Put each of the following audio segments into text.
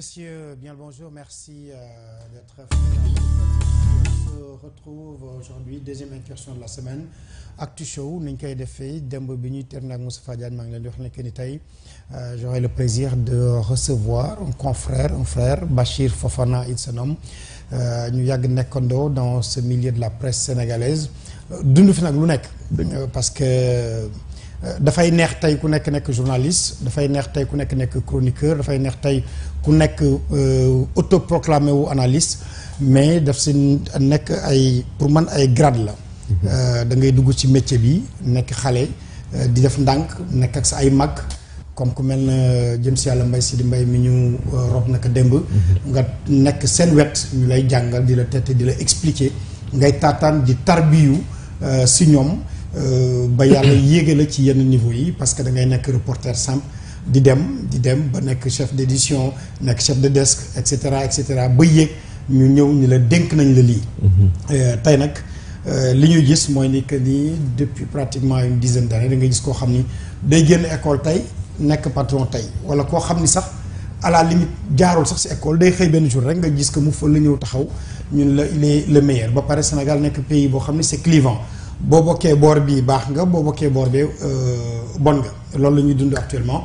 messieurs, bien le bonjour. Merci euh, d'être venu. On se retrouve aujourd'hui, deuxième incursion de la semaine. Actu Show, Ninkaï avons Dembo Bini, Ternag Moussa Diagne, euh, J'aurai le plaisir de recevoir un confrère, un frère, Bachir Fofana, il se nomme. Nous euh, Nekondo, dans ce milieu de la presse sénégalaise. D'où nous faisons Parce que. Il euh, neex tey ku nekk nekk journaliste dafay neex tey ku nekk nekk chroniqueur dafay neex tey ku euh, autoproclamé ou analyste mais daf ci nek pour man grade la mhm. euh, da ngay dugg ci métier bi euh, di def ak mag comme mbay mi ñu rob Nak demb mhm. nga nek sen wet ñu lay jangal di la expliquer ngay di tarbiyu si ci parce que da ngay reporter di dem di dem ba nek chef d'édition nek chef de desk et cetera et cetera ba yéeg ñu ñëw ñu la dénk nañ la lii. Mhm. Euh, tey nag euh, li ñu gis mooy ni que ni depuis pratiquement une dizaine d' années da nga gis koo xam ni day génn école tey nekk patron tey wala koo xam ni sax à la limite jaarul sax si école day xëy benn jour rek nga gis que mu fa la ñëw taxaw ñun la il est le meilleur ba pare Sénégal nekk pays boo xam ni c' est clivant. boo bokkee boor bi baax nga boo bokkee boor bee euh, bon nga loolu la ñuy dund actuellement.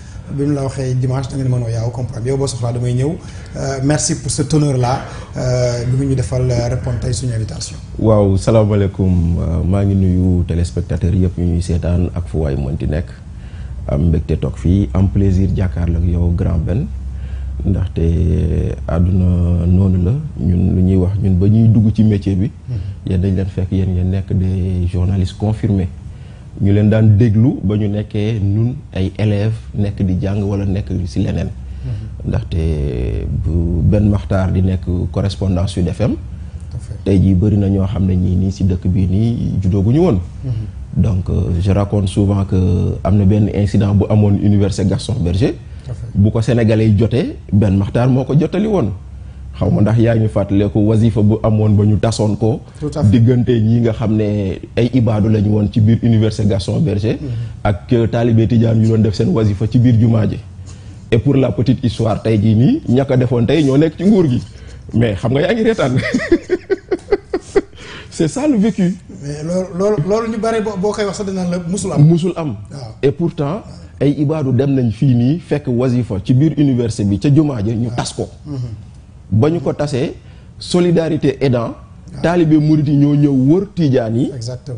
bi ñu la waxee dimanche da nga ne ma noo comprendre yow boo soxlaa damay ñëw euh, merci pour ce honneur là bi euh, mu ñu defal euh, répondre tey suñu invitation. waaw salaamaaleykum maa ngi nuyu téléspectateurs yëpp ñu ñuy seetaan ak fu waay ti nekk am mbégte toog fii am plaisir jàkkaarloog yow grand benn ndaxte àdduna noonu la ñun lu ñuy wax ñun ba ñuy dugg ci métier bi. Mm-hmm. yéen dañ leen fekk yéen ngeen nekk des journalistes confirmés ñu leen daan déglu ba ñu nekkee ñun ay élèves nekk di jàng wala nekk ci leneen. Mhm. ndaxte bu benn maxtaar di nekk correspondance Sud FM. tey jii bëri na ñoo xam ne ñii nii ci dëkk bii nii juddoo gu ñu woon. Mhm. donc euh, je raconte souvent que am na benn incident bu amoon université Gaston Berger. bu ko sénégalais jotee benn maxtaar moo ko jottali woon xaw ndax yaa ñu fàttaleeku wasifa bu amoon ba ñu tasoon ko diggante ñi nga xam ne ay ibaadu lañu woon ci biir université Gaston Berger mm-hmm. ak euh, taalibe tidiane ñu doon def seen wasifa ci biir jumaa et pour la petite histoire tey jii nii ñàkk a defoon tey ñoo nekk ci nguur gi mais xam nga yaa ngi reetaan c'est ça le vécu mais loolu loolu ñu bare boo koy wax sax dinaan la musul am musul am et pourtant ay ibaadu dem nañ fii nii fekk wasifa ci biir université bi ca jumaa ñu ah. tas ko mm-hmm ba ñu ko solidarité aidant Talibé mouride ñoo ñew wër tidiane yi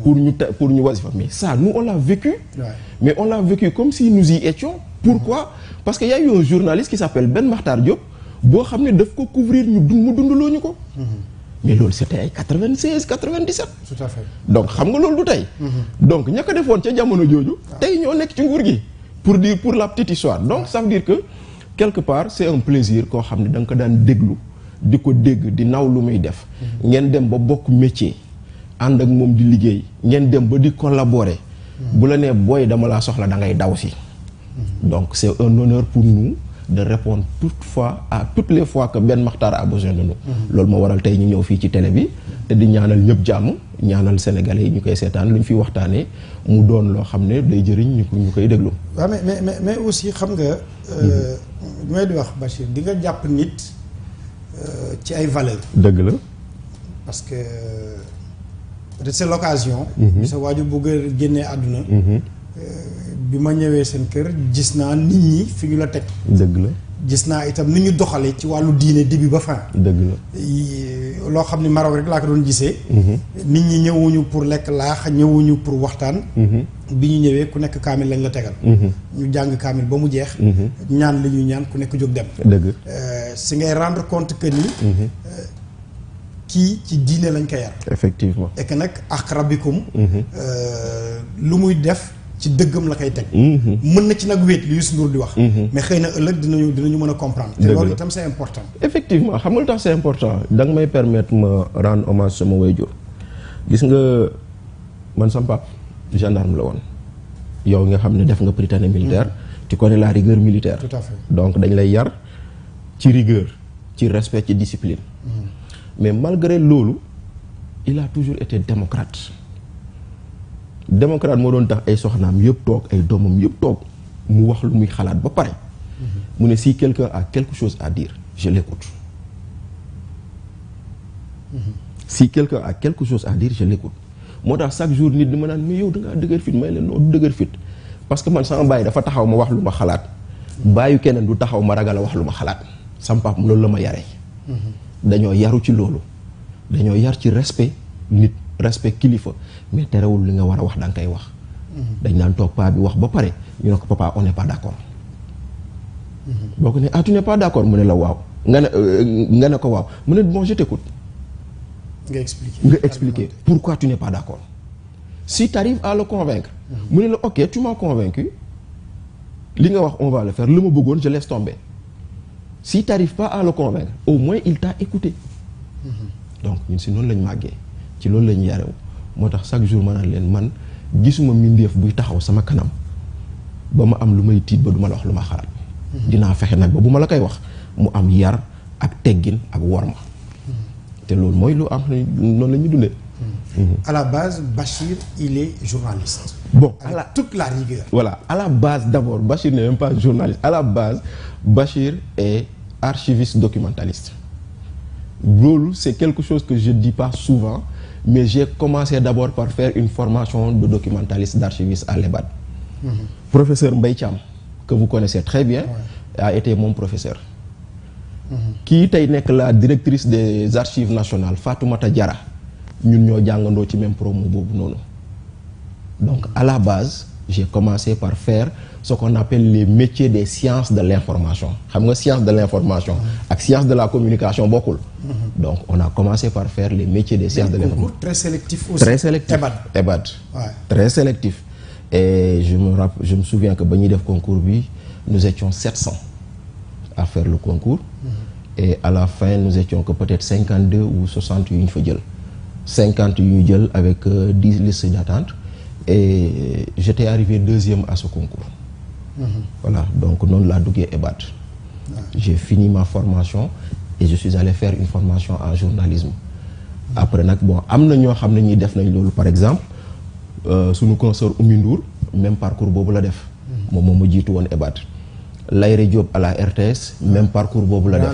pour ñu pour ñu wasifa mais ça nous on l'a vécu mais on l'a vécu comme si nous y étions pourquoi parce qu'il y a eu un journaliste qui s'appelle Ben Makhtar Diop bo xamné ne daf ko couvrir ñu dund mu ko mm-hmm. mais loolu c'était ay 96 97 tout à fait donc xam nga loolu du mm-hmm. donc ñaka ko defoon ca jamono jooju tey ñoo nek ci nguur gi pour dire pour la petite histoire donc ça veut dire que quelque part c'est un plaisir qu'on xam dang ko dan deglu diko deg di naw muy def mm-hmm. dem ba fait métier choses, ak di liggéey ngeen dem ba di collaborer mm-hmm. bu la dama soxla mm-hmm. donc c'est un honneur pour nous de répondre toutefois à toutes les fois que Ben Makhtar a besoin de nous C'est mo waral tay ñu ci télé ñaanal sénégalais yi ñu koy seetaan lu ñu fi waxtaanee mu doon loo xam ne day jëriñ ñu ñu koy déglu. waaw mais mais mais aussi xam nga. Euh, may di wax Bachir di nga jàpp nit euh, ci ay valeur dëgg la. parce que peut-être c'est l'occasion. bi mm-hmm. sa waajur bu gën génnee àdduna. Mm-hmm. Euh, bi ma ñëwee seen kër gis naa nit ñi fi ñu la teg. dëgg la. gis naa itam ni ñu doxalee ci wàllu diine début ba fin. dëgg la loo xam ne Maroc rek laa ko doon gisee. Mhm. nit ñi ñëwuñu pour lekk laax ñëwuñu pour waxtaan. Mhm. bi ñu ñëwee ku nekk kaamil lañ la tegal. Mhm. ñu jàng kaamil ba mu jeex. ñaan li ñuy ñaan ku nekk jóg dem. dëgg euh, si ngay rendre compte que ni. Euh, kii ci diine lañ ko yar. effectivement et que nag ak rabbikum euh, lu muy def. ci dëggam la koy teg. Mhm. mën na ci nag wéet li di wax. Mhm. mais xëy na ëllëg dinañu dinañu mën comprendre. loolu itam c'est important. effectivement xam tax c'est important da nga may permettre ma rendre hommage sama wayjur gis nga man sama pap gendarme la woon yow nga xam ne def nga britannie militaire. Mhm. tu connais la rigueur militaire. donc dañ lay yar ci rigueur ci respect ci discipline. mais malgré loolu il a toujours été démocrate démocrate mo doon tax ay soxnam yëpp toog ay doomam yëpp toog mu wax lu muy xalaat ba pare mhm. mu ne si quelqu'un a quelque chose à dire je l'écoute mhm. si quelqu'un a quelque chose à dire je l'écoute moo tax chaque jour nit di ma naan mais yow da le dëgër fit may leen noonu fit parce que man sama bàyyi dafa taxaw ma wax lu ma xalaat bàyyi keneen du taxaw ma ragal wax lu ma xalaat sama pap loolu la ma yare mhm. dañoo yaru ci loolu dañoo yar ci respect nit respect kilifa mais téréwul li nga wara wax da nga koy wax. dañ naan tok pa bi wax ba paré ñu ne ko papa on n'est pas d'accord. boo ko ah tu n'es pas d'accord mu ne la waaw nga ne euh, nga ne ko waaw mu ne bon je t'écoute. nga expliquer nga expliquer pourquoi tu n'es pas d'accord. si tu arrives à le convaincre. mu ne la ok tu m'as convaincu li nga wax on va le faire le ma bëggoon je laisse tomber. si tu n'arrives pas à le convaincre au moins il t'a écouté. Mhm. donc ñun si non lañ màggee ci loolu la ñu yarew moo tax chaque jour ma naan leen man gisuma mbindeef buy taxaw sama kanam ba ma am lu may tiit ba du ma la wax lu ma xalaat. dinaa fexe nag ba bu ma la koy wax mu am yar ak teggin ak worma. te loolu mooy lu am noonu la à la base Bachir il est journaliste. bon à la toute la rigueur. voilà à la base d'abord Bachir n'est même pas journaliste à la base Bachir est archiviste documentaliste loolu c'est quelque chose que je dis pas souvent mais j'ai commencé d'abord par faire une formation de documentaliste d'archiviste à l'EBAD. Mm Professeur que vous connaissez très bien, a été mon professeur. Qui mhm. était la directrice des archives nationales, Fatoumata Diara. Nous avons même promo. Donc, à la base, j'ai commencé par faire ce qu'on appelle les métiers des sciences de l'information. Vous savez, sciences de l'information et sciences de la communication, beaucoup. Donc, on a commencé par faire les métiers des sciences de l'École. Très sélectif aussi. Très sélectif. Très sélectif. Et je me, je me souviens que de concours, nous étions 700 à faire le concours. Mm-hmm. Et à la fin, nous étions que peut-être 52 ou 61 fédules. 51 Fadjel avec 10 euh, listes d'attente. Et j'étais arrivé deuxième à ce concours. Mm-hmm. Voilà, donc non la Dougué EBAD. J'ai fini ma formation et je suis allé faire une formation en journalisme après bon amna ñoo xam def nañ par exemple euh, suñu nos Oumindour Ndour même parcours bobu la def Mom mhm. mo jitu won ebat. Diop à la RTS même parcours bobu la def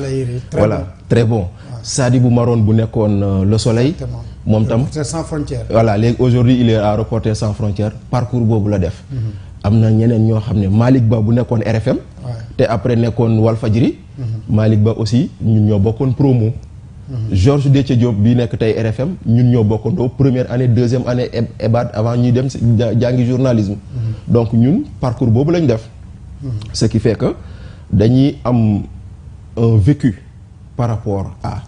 voilà très bon Sadibou Maron bu nekkoon euh, Le Soleil mom tam sans frontières voilà aujourd'hui il est à reporter sans frontières parcours bobu la def mhm. Malik Babou ñeneen ñoo xamné Malik Ba bu RFM. te après nekkoon Walfadiri. Mm-hmm. Malik Ba aussi ñun ñoo promo. Mm-hmm. Georges Déthié Diop bi nekk tay RFM ñun ñoo bokkandoo première année deuxième année avant ñuy dem jangui journalisme. Mm-hmm. donc ñun parcours de lañ def. ce qui fait que dañuy am un vécu par rapport à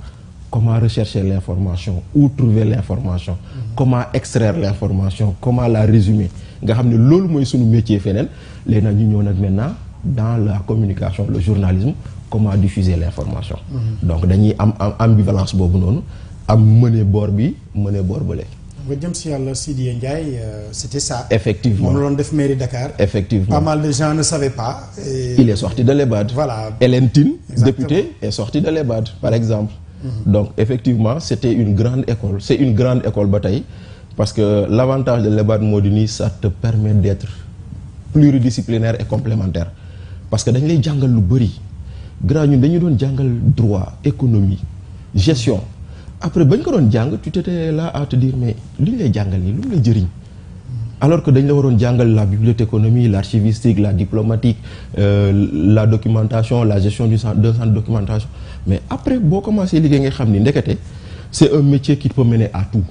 comment rechercher l'information où trouver l'information. comment extraire l'information comment la résumer nga xamné ne moy suñu métier fenen léna ñu ñëw maintenant dans la communication le journalisme comment diffuser l'information mm-hmm. donc dañuy am une ambivalence bobu nous, am mené bor bi mené bor bele nga jëm si yalla euh, c'était ça. effectivement moom lon def mairie Dakar. effectivement pas mal de gens ne savaient pas. il est sorti de l'EBAD. voilà Hélène Tine député est sorti de l'EBAD par exemple. Mm-hmm. donc effectivement c'était une grande école c'est une grande école bataille. Parce que l'avantage de l'EBAD Moduni, ça te permet d'être pluridisciplinaire et complémentaire. Parce que dans les jungles, nous avons jungle droit, économie, gestion. Après, ben quand on jungle, tu étais là à te dire, mais lui, les jungles, lui, les alors que dañ la waroon de la bibliothéconomie l'archivistique la diplomatique euh, la documentation la gestion du centre de centre documentation mais après si commencé liggéey à c'est un métier qui peut mener à tout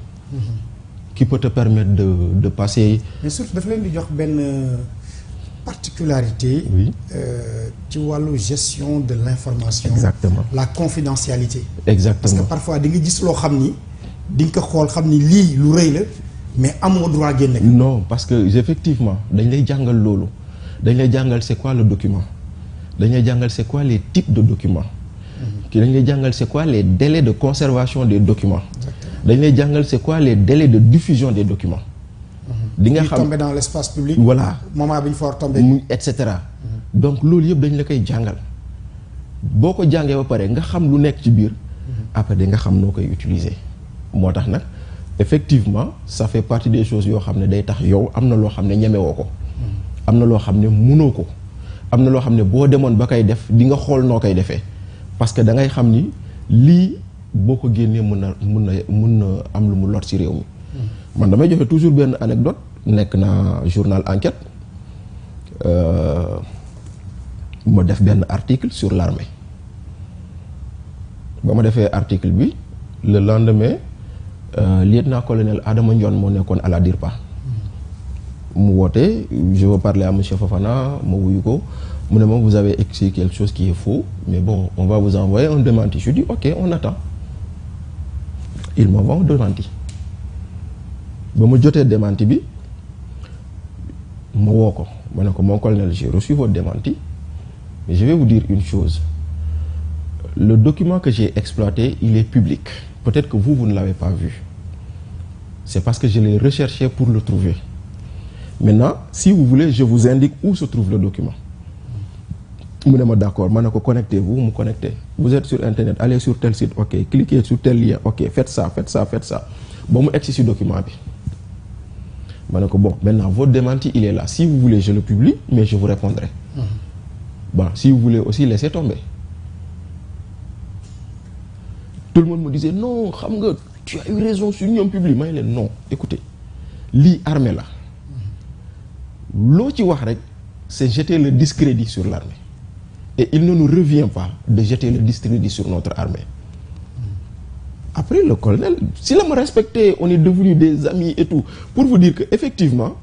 qui peut te permettre de, de passer. mais surtout di jox euh, particularité. oui vois euh, la gestion de l'information exactement la confidentialité. exactement parce que parfois on dit que loo xam ni di nga ko lit xam mais lu mais droit non parce que effectivement dañ lay c'est quoi le document C'est quoi les types de documents. ki mhm. les lay c'est quoi les délais de conservation des documents c'est quoi les délais de diffusion des documents. Mhm. di nga dans l'espace public. voilà moment donc loolu yëpp dañ la koy jàngal boo ko ba pare nga xam lu nekk mhm. après nga xam noo utiliser. effectivement ça fait partie des choses day tax yow ko. ko. def di parce que da ngay xam beaucoup de gens mën na am lu mu lot ci toujours une anecdote Dans le journal enquête euh, ma def un article sur l'armée ba ma defee article le lendemain euh, lieutenant-colonel Adama m'a moo nekkoon à la DIRPA mu woote je veux parler à monsieur Fofana ma wuyu ko vous avez écrit quelque chose qui est faux mais bon on va vous envoyer un démenti je dis ok on attend ils m'ont démenti ma démenti bi ko mon j'ai reçu votre démenti mais je vais vous dire une chose le document que j'ai exploité il est public peut-être que vous vous ne l'avez pas vu c'est parce que je l'ai recherché pour le trouver maintenant si vous voulez je vous indique où se trouve le document mu ne ma d' accord connectez-vous vous êtes sur internet allez sur tel site ok cliquez sur tel lien ok faites ça faites ça faites ça Bon, mu egsi document bon maintenant votre démenti il est là si vous voulez je le publie mais je vous répondrai mm-hmm. bon si vous voulez aussi laissez tomber tout le monde me disait non tu as eu raison sur ñoom publie non écoutez l'armée là la mm-hmm. loo ci wax jeter le discrédit sur l'armée et il ne nous revient pas de jeter le district sur notre armée. Après, le colonel, s'il me respectait, on est devenus des amis et tout. Pour vous dire qu'effectivement,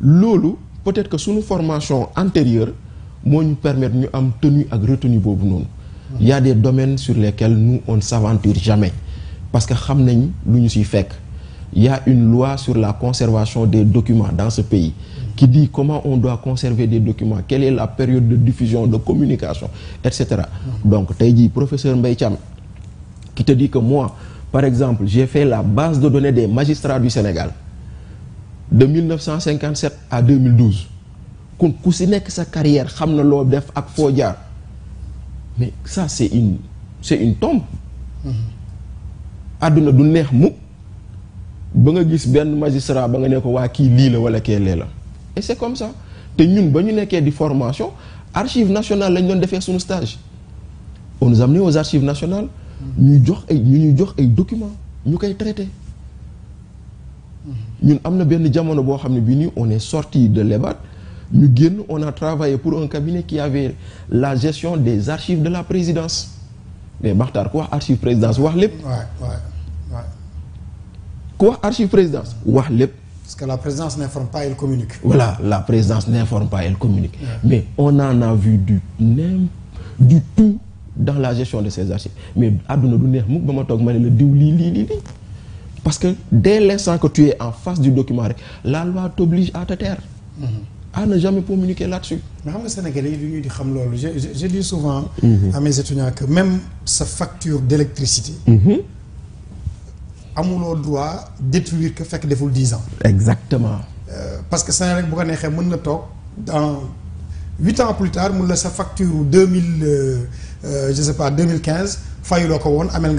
lolo, peut-être que sous nos formations antérieures, moi, nous permettons de nous tenir à retenue. Il y a des domaines sur lesquels nous, on ne s'aventure jamais. Parce que nous savons ce nous Il y a une loi sur la conservation des documents dans ce pays qui dit comment on doit conserver des documents, quelle est la période de diffusion, de communication, etc. Donc, tu as dit, professeur Mbaycham qui te dit que moi, par exemple, j'ai fait la base de données des magistrats du Sénégal de 1957 à 2012. Quand sa carrière mais ça c'est une une tombe Aduna du neex mu ba nga gis magistrat ba nga c'est comme ça Nous ñun des une di formation archives nationales lañ doon fait suñu stage on nous a amené aux archives nationales Nous jox ay documents Nous avons traité ñun avons benn jamono on est sorti de l'EBAT ñu génn on a travaillé pour un cabinet qui avait la gestion des archives de la présidence mais Bartar, quoi, archives archive présidence wax lépp. Quoi, wax archive présidence wax lépp. Parce que la présidence n'informe pas, elle communique. Voilà, la présidence n'informe pas, elle communique. Mais on en a vu du, même, du tout dans la gestion de ces archives. Mais parce que dès l'instant que tu es en face du document, la loi t'oblige à te taire. Mm-hmm. à ne jamais communiquer là-dessus. Mais les Sénégalais, je, je dis souvent mm-hmm. à mes étudiants que même sa facture d'électricité, mm-hmm amoulou droit détruire que fekk deful 10 ans. exactement. Euh, parce que c'est bu ko neexee mën tok dans huit ans plus tard mun la sa facture deux mille euh, euh, je sais pas deux mille mois. mais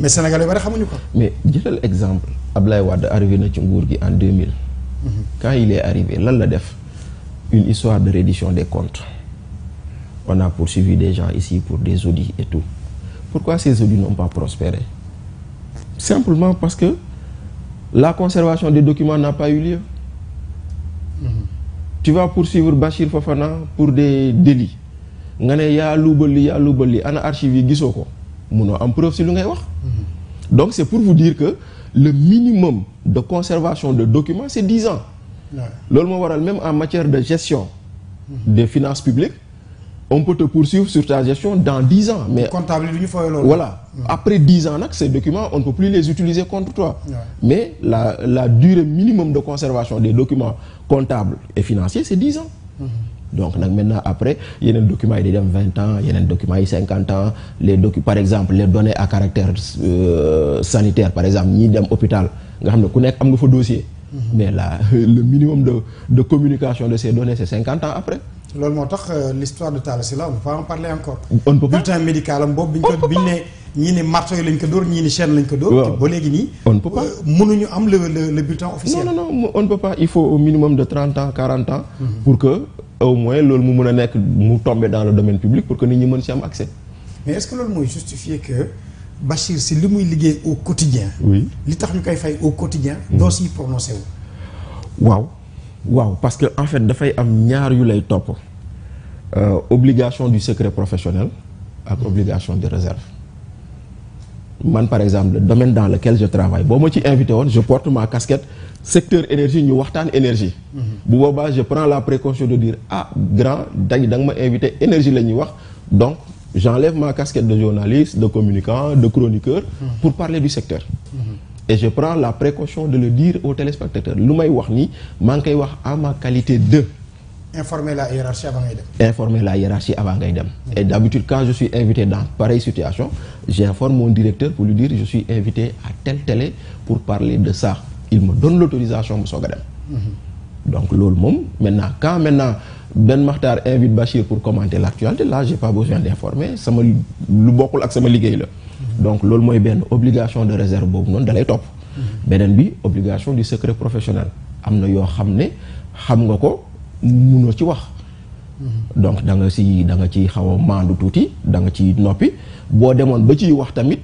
mais Sénégalais ne bari pas. ko. mais jëlal exemple Ablaye wad arrivé dans ci en 2000. Mhm. quand il est arrivé lan la def une histoire de reddition des comptes on a poursuivi des gens ici pour des audits et tout pourquoi ces audits n'ont pas prospéré. Simplement parce que la conservation des documents n'a pas eu lieu. Mm-hmm. Tu vas poursuivre Bachir Fofana pour des délits. a mm-hmm. donc c'est pour vous dire que le minimum de conservation de documents c'est 10 ans. L'homme voit même en matière de gestion. Mm-hmm. des finances publiques on peut te poursuivre sur ta gestion dans 10 ans. Mais comptable, voilà. Après 10 ans, ces documents, on ne peut plus les utiliser contre toi. Mais la, durée minimum de conservation des documents comptables et financiers, c'est 10 ans. Mhm. Donc maintenant, après, il y a des document qui est 20 ans, il y a un document qui est 50 ans. Les par exemple, les données à caractère euh, sanitaire, par exemple, ni un hôpital, un dossier. Mhm. Mais là, le minimum de, de communication de ces données, c'est 50 ans après loolu moo euh, l'histoire de Talla Sylla on peut en parler encore. on ne peut pas bulletin médical am boobu bi ñu ko ne ñii ni marteau lañ ko door ñii ni chaîne lañ ko dóor. ba léegi nii. on ne peut pas euh, mënuñu am le le le bulletin officiel. non non non on ne peut pas il faut au minimum de 30 ans 40 ans. Mhm. pour que au moins loolu mu mën a nekk mu tomber dans le domaine public pour que nit ñi mën si am accès. mais est-ce que loolu mooy justifier que Bachir si li muy liggéey au quotidien. oui li tax ñu koy fay au quotidien. Mhm. doo siy prononcé wu. waaw. Wow, parce que en fait il am ñaar yu lay top. Euh, obligation du secret professionnel ak obligation de réserve man par exemple le domaine dans lequel je travaille moi, je ci invité je porte ma casquette secteur énergie ñu waxtaan énergie mhm. bu je prends la précaution de dire ah grand dañ vais ma invité énergie la donc j'enlève ma casquette de journaliste de communicant de chroniqueur mhm. pour parler du secteur mhm et je prends la précaution de le dire aux téléspectateurs lu wax ni ma qualité de. informer la hiérarchie avant Gaïdam. informer la hiérarchie avant Gaïdam. et d'habitude quand je suis invité dans pareille situation j'informe mon directeur pour lui dire je suis invité à telle télé pour parler de ça il me donne l'autorisation M. Gaïdam. Mhm. donc maintenant quand maintenant Ben Makhtar invite Bachir pour commenter l'actualité là je n'ai pas besoin d'informer sama lu bokkul ak sama la donc loolu mooy benn obligation de réserve boobu noonu dalay topp beneen bi obligation du secret professionnel am na yoo xam nga ko munoo wax donc da nga si da nga ci xaw a maandu tuuti da nga ci noppi bo demoon ba ciy wax tamit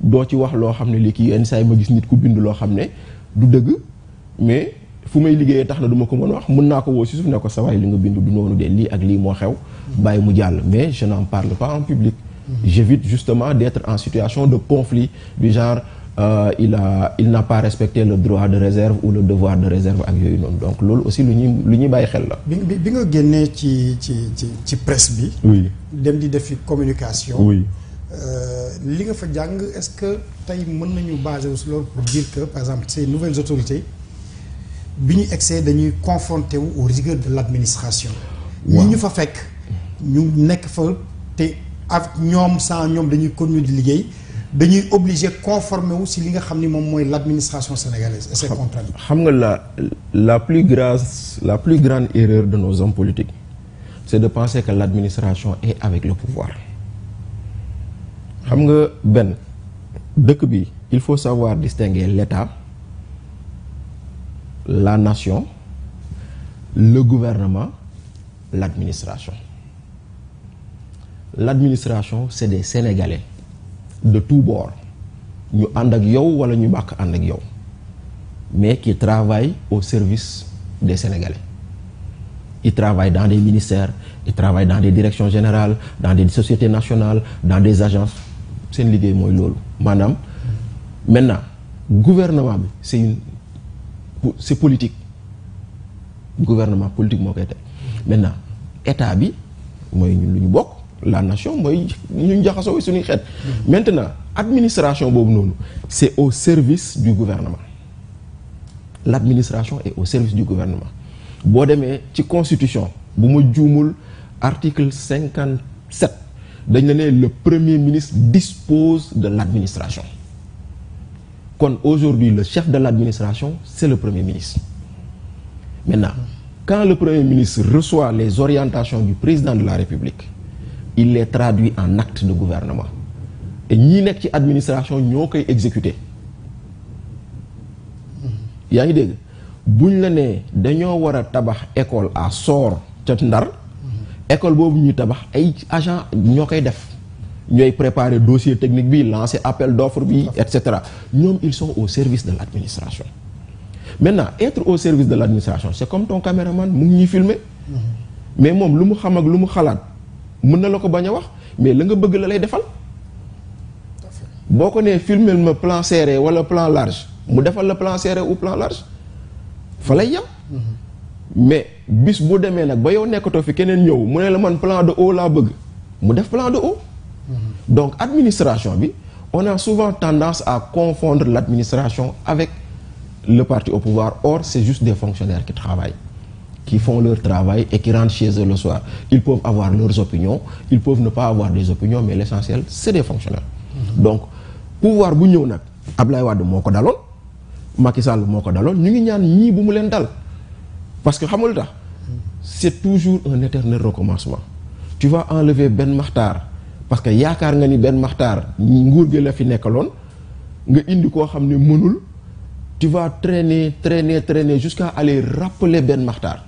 doo ci wax loo xam ne li kii yenn saa ma gis nit ku bind loo xam du dëgg mais fu may liggéeyee tax na du ma ko mën a wax mën naa ko woo si suuf ne ko sawaay li nga bind du noonu de lii ak lii moo xew bàyyi mu jàll mais je n'en parle pas en public J'évite justement d'être en situation de conflit du genre euh, il a il n'a pas respecté le droit de réserve ou le devoir de réserve donc loolu aussi l'union ñuy lu bingo xel la. bi ci ci presse bi. oui dem di communication. oui euh, li nga fa est-ce que tu meun nañu baser pour dire que par exemple ces nouvelles autorités biñu ñu dañuy confronté confronter aux rigueurs de l'administration. nous ñu fa fek ñu nek fa avec ñoom sans nous dañuy continuer di liggéey dañuy obligé conformer wu si li nga xam sénégalaise et ses contraire. la la plus la plus grande erreur de nos hommes politiques c'est de penser que l'administration est avec le pouvoir xam nga Ben, il faut savoir distinguer l'État, la nation le gouvernement l'administration l'administration c'est des sénégalais de tous bords ñu ànd ak yow wala ñu bak ak yow mais qui travaillent au service des sénégalais ils travaillent dans des ministères ils travaillent dans des directions générales dans des sociétés nationales dans des agences une idée mooy lolu. madame. maintenant gouvernement c'est une c'est politique gouvernement politique mon maintenant état bi moy ñun lu ñu la nation maintenant administration c'est au service du gouvernement L'administration est au service du gouvernement Bo démé constitution article 57. le premier ministre dispose de l'administration. aujourd'hui le chef de l'administration, c'est le premier ministre maintenant quand le premier ministre reçoit les orientations du président de la république il les traduit en actes de gouvernement et ni n'est ci administration ñoo koy exécuter Il hmm. ngi idée. buñ la nee dañoo war tabax école à Sor ca Ndar hmm. école bobu ñuy tabax ay agent ñokay def ñoy préparer dossier technique bi lancer appel d'offre bi et cetera ils sont au service de l'administration maintenant être au service de l'administration c'est comme ton caméraman mu ngi filmer hmm. mais ne lu mu xam ak lu mu mën na la ko bañ wax mais la nga bëgg la lay defal boo ko nee filmel plan serré wala plan large mu defal le plan serré ou plan large fa lay yem mais bis bu demee nag ba yow nekkatoo fi keneen ñëw mu ne la man plan de haut laa bëgg mu def plan de haut donc administration on a souvent tendance à confondre l'administration avec le parti au pouvoir or c'est juste des fonctionnaires qui travaillent qui font leur travail et qui rentrent chez eux le soir. Ils peuvent avoir leurs opinions, ils peuvent ne pas avoir des opinions, mais l'essentiel, c'est des fonctionnaires. Donc, pouvoir bu ñëw nag Ablaye Wade moo ko daloon Macky Sall moo parce que xamul c'est toujours un éternel recommencement tu vas enlever Ben Makhtar parce que yaakaar nga ni Ben Makhtar nguur gi la fi nekalon, nga indi ko xam mënul tu vas traîner traîner traîner jusqu'à aller rappeler Ben Makhtar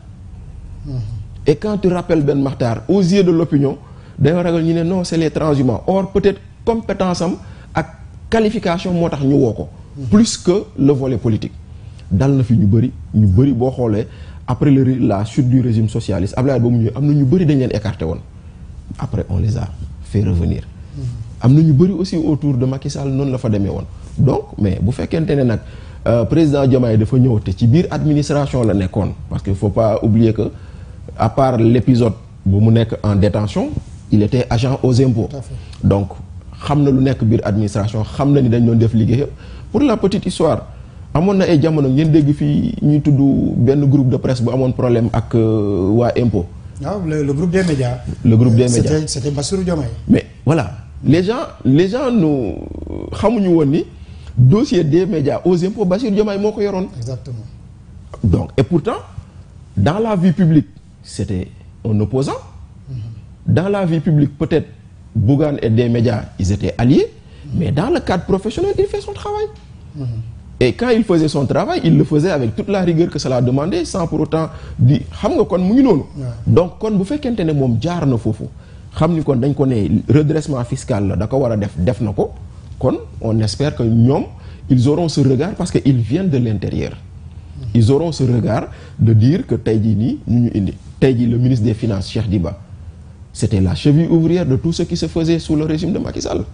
et quand tu rappelles Ben Matar aux yeux de l'opinion d'ailleurs ragal ñu non c'est les transhumants or peut-être compétence et qualification plus que le volet politique dans le fi ñu beaucoup ñu après la chute du régime socialiste ba mu am ñu écarté après on les a fait revenir am avons ñu aussi autour de Macky Sall non la donc mais bu fekkente ne un euh, président Diomaye dafa ñëw te ci administration la parce qu'il ne faut pas oublier que à part l'épisode où il était en détention il était agent aux impôts donc xam na lu nekk biir administration xam ni dañ doon def liggéeyam pour la petite histoire amoon na ay jamono ngeen dégg fii groupe de presse bu un problème avec euh, les impôts. waaw ah, le groupe des médias le groupe des médias c'était Bassirou Diomaye mais voilà les gens les gens nous, xamuñu woon dossier des médias aux impôts Bassirou Diomaye moo exactement donc et pourtant dans la vie publique c'était un opposant. Dans la vie publique, peut-être, Bougan et des médias, ils étaient alliés, mais dans le cadre professionnel, il fait son travail. Et quand il faisait son travail, il le faisait avec toute la rigueur que cela demandait, sans pour autant dire, Donc, quand vous fait qu'un mom fofu, xamni kon dañ ko redressement fiscal la on espère que ils auront ce regard parce qu'ils viennent de l'intérieur. Ils auront ce regard de dire que tay ni ñu indi le ministre des finances Cheikh Diba c'était la cheville ouvrière de tout ce qui se faisait sous le régime de Macky Sall.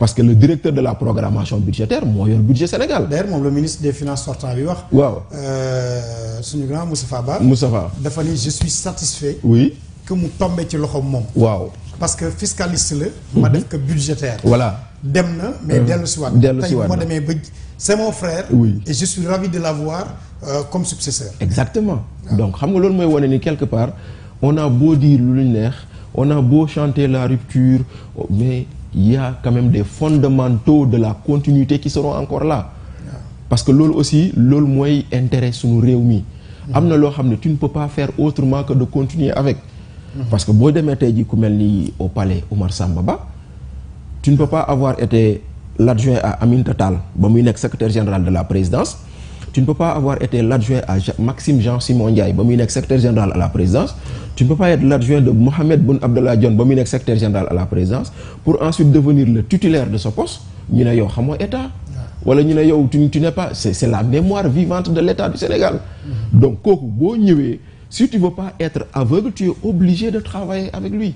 parce que le directeur de la programmation budgétaire Moyen le budget Sénégal. d'ailleurs le ministre des finances sortant à wax. Wow. Euh, suñu Moussafa Moussa Ba. je suis satisfait. oui que vous tombions sur le roman parce que fiscaliste le mhm. ma que budgétaire. voilà demna mais euh, dellu le c'est mon frère. et je suis ravi de l'avoir euh, comme successeur. exactement donc xam quelque part on a beau dire lunaire, on a beau chanter la rupture mais il y a quand même des fondamentaux de la continuité qui seront encore là. parce que l'ol aussi l'ol Moi intérêt nous réunir. Mm-hmm. tu ne peux pas faire autrement que de continuer avec parce que si tu tey au palais Oumar Samba tu ne peux pas avoir été l'adjoint à Amine Tattal Qui est secrétaire général de la présidence tu ne peux pas avoir été l'adjoint à Maxime Jean Simon Ndiaye Qui est secrétaire général à la présidence tu ne peux pas être l'adjoint de Mohamed Boun Abdallah est le secrétaire général à la présidence pour ensuite devenir le titulaire de ce poste ñu yow état ou tu tu n'es pas c'est la mémoire vivante de l'état du Sénégal mm-hmm. donc tu boo si tu ne veux pas être aveugle tu es obligé de travailler avec lui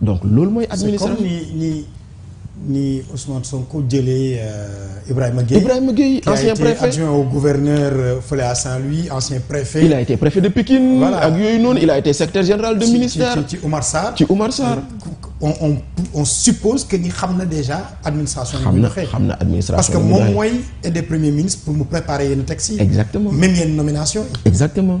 donc c'est mooy ni ni Ousmane Sonko euh, Ibrahim Gueye. Ibrahim Gueye ancien préfet a été adjoint au gouverneur euh, Saint-Louis ancien préfet. il a été préfet de Pékin, il a été secrétaire général de ministère. Tu Omar Sarr euh, on on suppose que ni avons déjà l'administration parce que mon moyen est de premier ministre pour me préparer une taxi. exactement même une nomination exactement.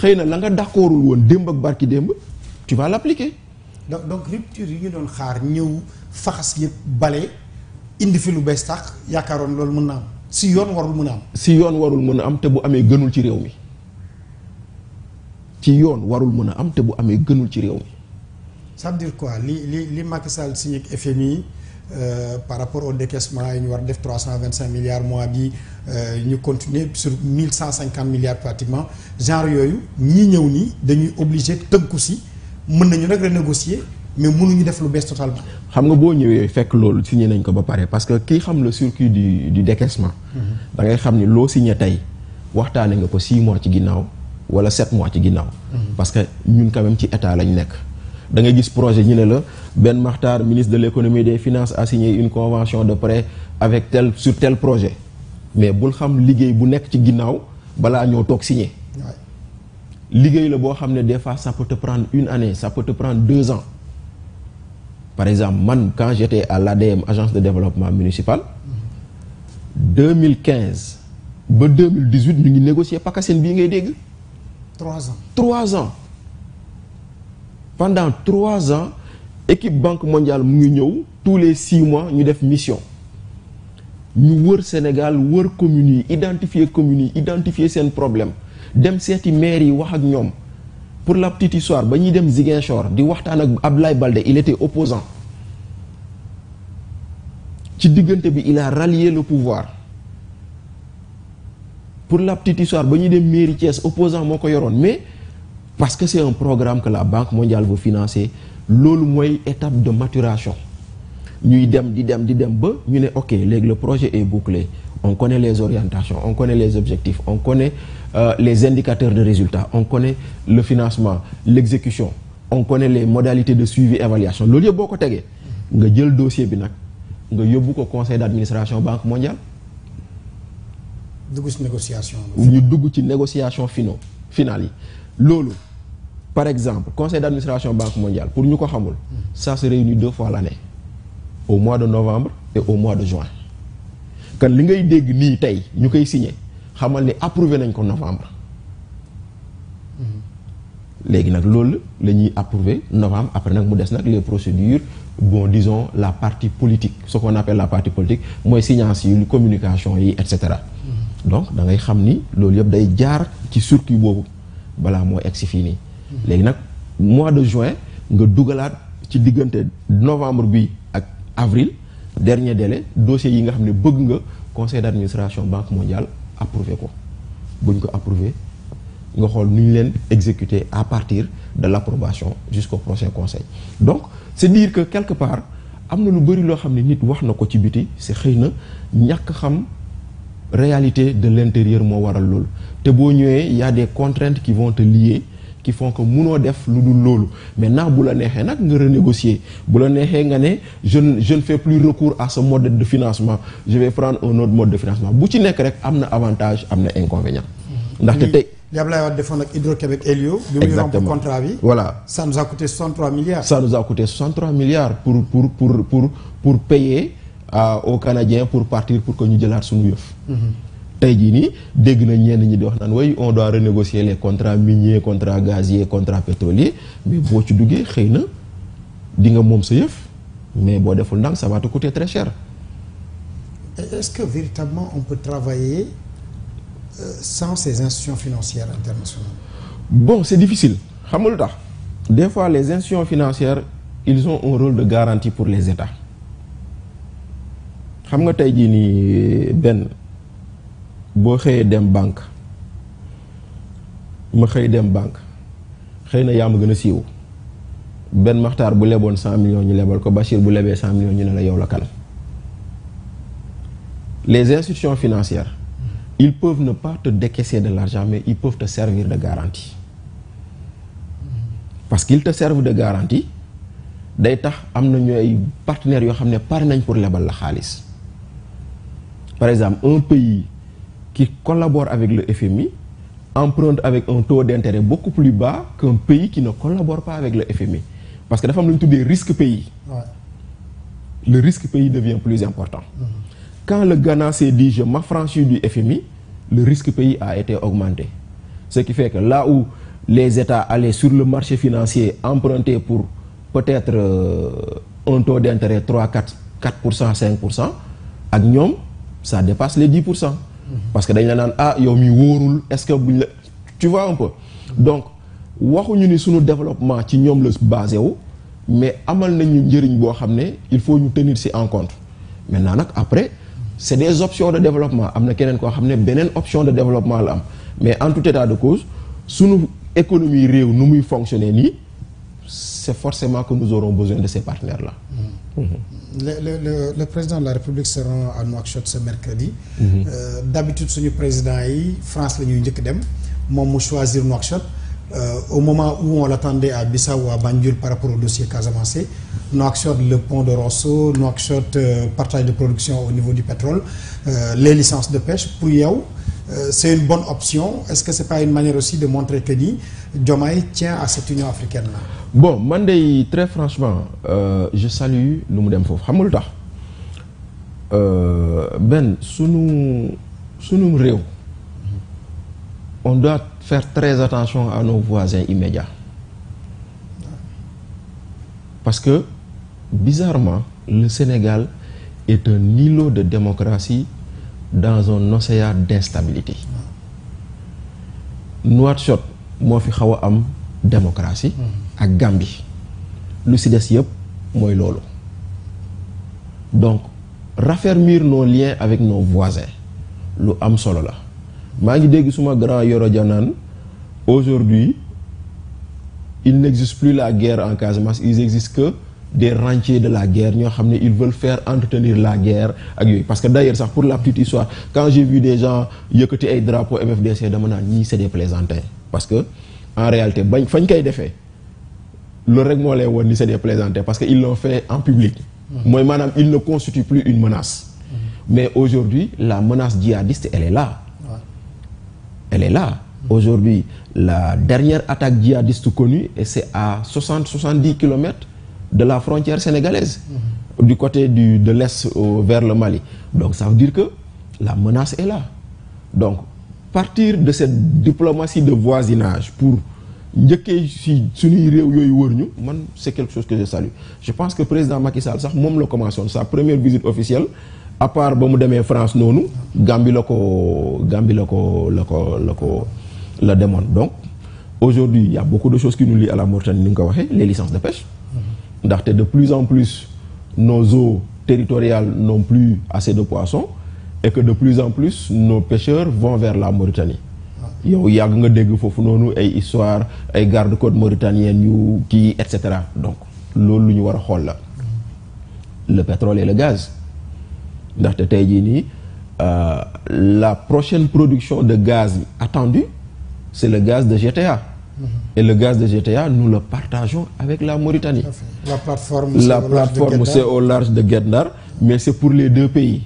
xëy na la nga d'accordul woon démb ak barki démb tu vas l'appliquer donc donc rupture yi ñu doon xaar ñëw faxas yëpp bale indi fi lu bees tax yaakaaroon loolu mën na am si yoon warul mën a am si yoon warul mën a am te bu amee gënul ci réew mi ci yoon warul mën a am te bu amee gënul ci réew mi ça veut dire li li li Macky Sall signé FMI Euh, par rapport au décaissement ñu war 325 milliards mois bi ñu euh, sur 1150 milliards pratiquement genre yoyu ñi ñew dañuy obligé mën renégocier mais totalement. xam nga fekk signé nañ ko parce que le circuit du du décaissement. Mhm. da ngay xam ni lo signé nga ko 6 mois ci ginnaw wala 7 mois ci mhm. parce que ñun quand même ci état projet ben Martar, ministre de l'économie et des finances, a signé une convention de prêt avec tel, sur tel projet. Mais pas xam qui bu nekk ci ginnaaw balaa ñoo toog signé. liggéey la si on ne des fois ça peut te prendre une année ça peut te prendre deux ans par exemple quand j'étais à l'ADM agence de développement municipal 2015 mm-hmm. ba 2018 ñu ngi négocié trois ans trois ans pendant trois ans équipe banque mondiale tous les six mois ñu def mission ñu wër Sénégal nous Commune yi identifier communes identifier ses problème dem seeti maire yi wax ak pour la petite histoire ba dem Ziguinchor di waxtaan ak Abdoulaye Balde, il était opposant ci bi il a rallié le pouvoir pour la petite histoire sommes dem mairie Thiès opposant moo ko mais parce que c'est un programme que la Banque mondiale veut financer lolu moy étape de maturation ñuy dem di dem di dem ba ñu est ok le projet est bouclé on connaît les orientations on connaît les objectifs on connaît euh, les indicateurs de résultats on connaît le financement l'exécution on connaît les modalités de suivi évaluation lolu yëpp boo ko nga jël dossier bi nak nga yóbbu ko conseil d'administration banque mondiale. dugg ci négociation. ñu dugg ci négociation finaux final lolo par exemple conseil d'administration banque mondiale pour nous, ko ça se réunit deux fois l'année, au mois de novembre et au mois de juin Quand li ngay dégg nii nous signé xamal approuvé nañ novembre Maintenant, nag loolu la approuvé novembre après nous mu fait les procédures bon disons la partie politique ce qu'on appelle la partie politique moi signé la communication etc. et mm-hmm. donc da ngay xam ni loolu yëpp day jaar ci circuit boobu balaa moo egg légui nak mois de juin nga dougalat ci diggante novembre bi ak avril dernier délai dossier yi nga xamné bëgg nga conseil d'administration banque mondiale approuver ko buñ ko approuvé nga xol nuñ leen exécuter à partir de l'approbation jusqu'au prochain conseil donc c'est dire que quelque part amna lu bëri lo xamné nit wax na ko ci biti c'est xeyna ñak xam réalité de l'intérieur. mo moo waral loolu il y a des contraintes qui vont te lier qui font que munoo def Loulou. dul mais maintenant bu la neexee nga renégocier si vous je ne fais plus recours à ce mode de financement je vais prendre un autre mode de financement bu ci avez rek avantage am inconvénient. Mhm. ndaxte tey li Ablaye Wade defoon fonds Hydro-Québec Elio. bi muy romb contrat voilà ça nous a coûté 103 milliards. ça nous a coûté 103 milliards pour payer euh, aux Canadiens pour partir pour que ñu nous. suñu on doit renégocier les contrats miniers contrats gaziers contrats pétroliers mais mais ça va te coûter très cher. est-ce que véritablement on peut travailler euh, sans ces institutions financières internationales. bon c'est difficile des fois les institutions financières ils ont un rôle de garantie pour les États xam nga boo xëyee dem banque ma xëy dem banque xëy na yaa ma gën a siiw benn maxtaar bu leboon cent millions ñu lebal ko Bachir bu lebee cent millions ñu ne la yow la les institutions financières hmm. ils peuvent ne pas te décaisser de l'argent mais ils peuvent te servir de garantie hmm. parce qu'ils te servent de garantie day tax am na ay partenaires yoo xam ne pare nañ pour lebal la xaalis par exemple un pays qui collabore avec le FMI emprunte avec un taux d'intérêt beaucoup plus bas qu'un pays qui ne collabore pas avec le FMI. Parce que la femme, tout des risque pays. Le risque pays devient plus important. Mm-hmm. Quand le Ghana s'est dit je m'affranchis du FMI, le risque pays a été augmenté. Ce qui fait que là où les États allaient sur le marché financier emprunter pour peut-être euh, un taux d'intérêt 3, 4, 4%, 5%, à Gnome, ça dépasse les 10% parce que dañ la nan ah yow mi worul est-ce que tu vois un peu donc waxuñu ni suñu développement ci ñom le basé wu mais amal nañu jëriñ bo xamné il faut ñu tenir ci en compte maintenant nak après c'est des options de développement amna na keneen koo option de développement la am mais en tout état de cause suñu économie réew nu muy fonctionner ni. c'est forcément que nous aurons besoin de ces partenaires là. Mmh. Mmh le président de la république sera à Nouakchott ce mercredi. Mhm. Euh, d'habitude nouveau président yi France le ñuy dem choisir Nouakchott euh, au moment où on l'attendait à Bissau ou à Bandul par rapport au dossier Casamance Nouakchott le pont de Rosso Nouakchott euh, partage de production au niveau du pétrole les licences de pêche pour euh, c'est une bonne option Est-ce que c'est pas une manière aussi de montrer que dit tient à cette union africaine-là Bon, Mandei, très franchement, euh, je salue Noumoudem Fof. Euh, ben, sous nous nous on doit faire très attention à nos voisins immédiats. Parce que, bizarrement, le Sénégal est un îlot de démocratie dans un océan d'instabilité Nous, avons fi xaw am démocratie à Gambie lu si des donc raffermir nos liens avec nos voisins lu am solo la maa ngi dégg suma grand Yoro aujourd'hui il n'existe plus la guerre en Casamance il n'existe que des rentiers de la guerre ils veulent faire entretenir la guerre parce que d'ailleurs ça pour la petite histoire quand j'ai vu des gens eu ay drapeau MFDC dama c'est des plaisantins parce que en réalité il fañ a defee le règlement lay c'est des plaisantins parce qu'ils l'ont fait en public mooy madame, ils ne constituent plus une menace mais aujourd'hui la menace djihadiste elle est là elle est là aujourd'hui la dernière attaque djihadiste connue et c'est à 60 70 kilomètres de la frontière sénégalaise, du côté du, de l'Est vers le Mali. Donc ça veut dire que la menace est là. Donc, partir de cette diplomatie de voisinage pour c'est quelque chose que je salue. Je pense que le président Macky Sall, ça, le sa première visite officielle, à part ba mu en France non Gambie la Gambie la démon donc aujourd'hui il y a beaucoup de choses qui nous lient à la Mauritanie les licences de pêche de plus en plus nos eaux territoriales n'ont plus assez de poissons et que de plus en plus nos pêcheurs vont vers la Mauritanie Il y nga des garde donc le pétrole et le gaz euh, la prochaine production de gaz attendue c'est le gaz de GTA et le gaz de GTA nous le partageons avec la Mauritanie la plateforme, c'est au large de Guednar, mais c'est pour les deux pays.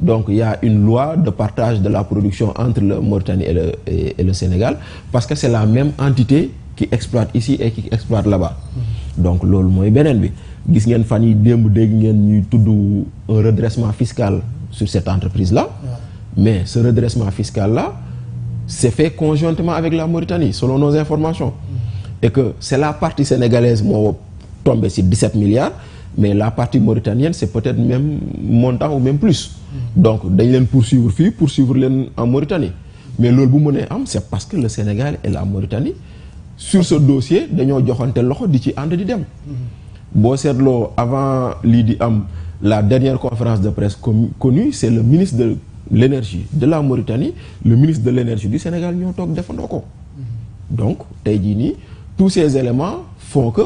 Donc il y a une loi de partage de la production entre la Mauritanie et le, Sénégal, parce que c'est la même entité qui exploite ici et qui exploite là-bas. Mm-hmm. Donc loolu mooy bien bi gis ngeen fan yi un redressement fiscal sur cette entreprise là. mais ce redressement fiscal là c'est fait conjointement avec la Mauritanie selon nos informations. Mm-hmm. et que c'est la partie sénégalaise tombé sur 17 milliards mais la partie mauritanienne c'est peut-être même montant ou même plus mm. donc d'ailleurs poursuivre poursuivre en Mauritanie mais le bu c'est parce que le Sénégal et la Mauritanie sur ce dossier loxo di ci dem mm-hmm. avant la dernière conférence de presse connue c'est le ministre de l'énergie de la Mauritanie le ministre de l'énergie du Sénégal nous avons défendu donc tous ces éléments font que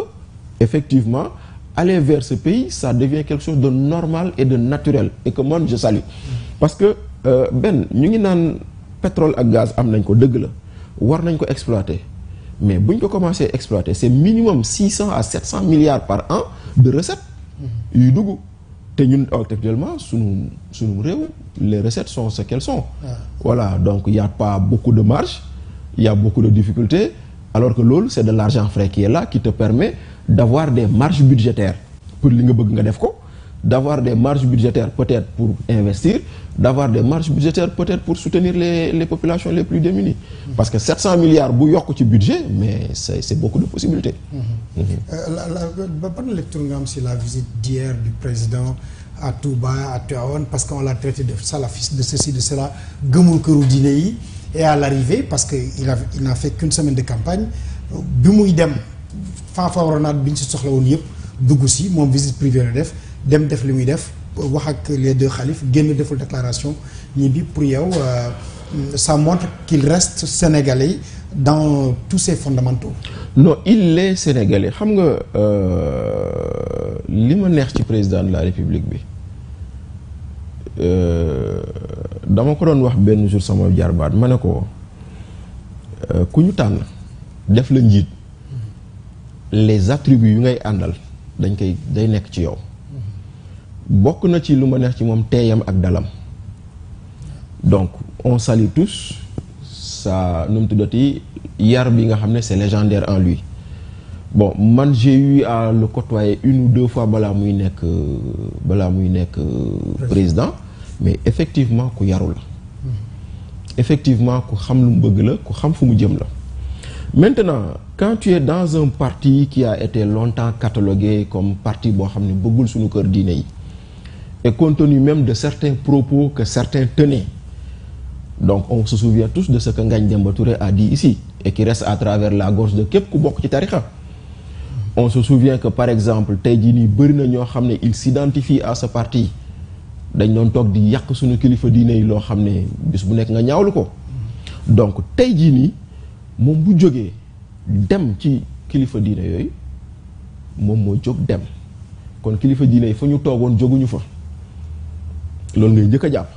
effectivement, aller vers ce pays, ça devient quelque chose de normal et de naturel. Et que moi, je salue. Parce que, euh, ben, nous avons pétrole et gaz, nous avons de l'exploiter. exploiter. Mais si on commencé à exploiter, c'est minimum 600 à 700 milliards par an de recettes. Mm -hmm. Et nous, actuellement, sous nous, sous nous, les recettes sont ce qu'elles sont. Ah. Voilà, donc il n'y a pas beaucoup de marge, il y a beaucoup de difficultés alors que l'OL, c'est de l'argent frais qui est là qui te permet d'avoir des marges budgétaires pour li nga des marges budgétaires peut-être pour investir d'avoir des marges budgétaires peut-être pour soutenir les populations les plus démunies parce que 700 milliards bu yokk budget mais c'est beaucoup de possibilités. Mm-hmm. Euh, la ban lecture la visite d'hier du président. à Touba à parce qu'on l'a traité de salafiste de ceci de cela de ceci, de et à l'arrivée, parce qu'il il n'a fait qu'une semaine de campagne, Bimou Idem, Fanfan Ronald Binti Sohlaoun Yep, Dougousi, mon visite privée le def, Dem Def Limou Def, Wahak les deux khalifs, fait Def déclaration, Pour Priyaou, euh, ça montre qu'il reste sénégalais dans tous ses fondamentaux. Non, il est sénégalais. Je sais le président de la République, euh, dama ko doon wax benn jour sama jarbaat ma ne ko euh, ku ñu tànn def la njiit les attributs yu ngay àndal dañ koy day nekk ci yow bokk na ci lu ma neex ci moom teeyam ak dalam donc on salue tous sa nu mu tuddati yar bi nga xam ne c'est légendaire en lui bon man j'ai eu à le côtoyer une ou deux fois balaa muy nekk balaa muy nekk euh, président mais effectivement ku yarul la effectivement ku xam lu y la ku maintenant quand tu es dans un parti qui a été longtemps catalogué comme parti boo xam ne suñu et compte tenu même de certains propos que certains tenaient donc on se souvient tous de ce que Ngagne Demba Touré a dit ici et qui reste à travers la gorge de képp ku on se souvient que par exemple tey jii na il s'identifie à ce parti dañ doon toog di yak suñu kilifa diine yi loo xam ne bis bu nekk nga ñaawlu ko donc tey jii nii moom bu jógee dem ci kilifa diine yooyu moom moo jóg dem kon kilifa diine yi fa ñu toogoon jóguñu fa loolu ngay njëkk a jàpp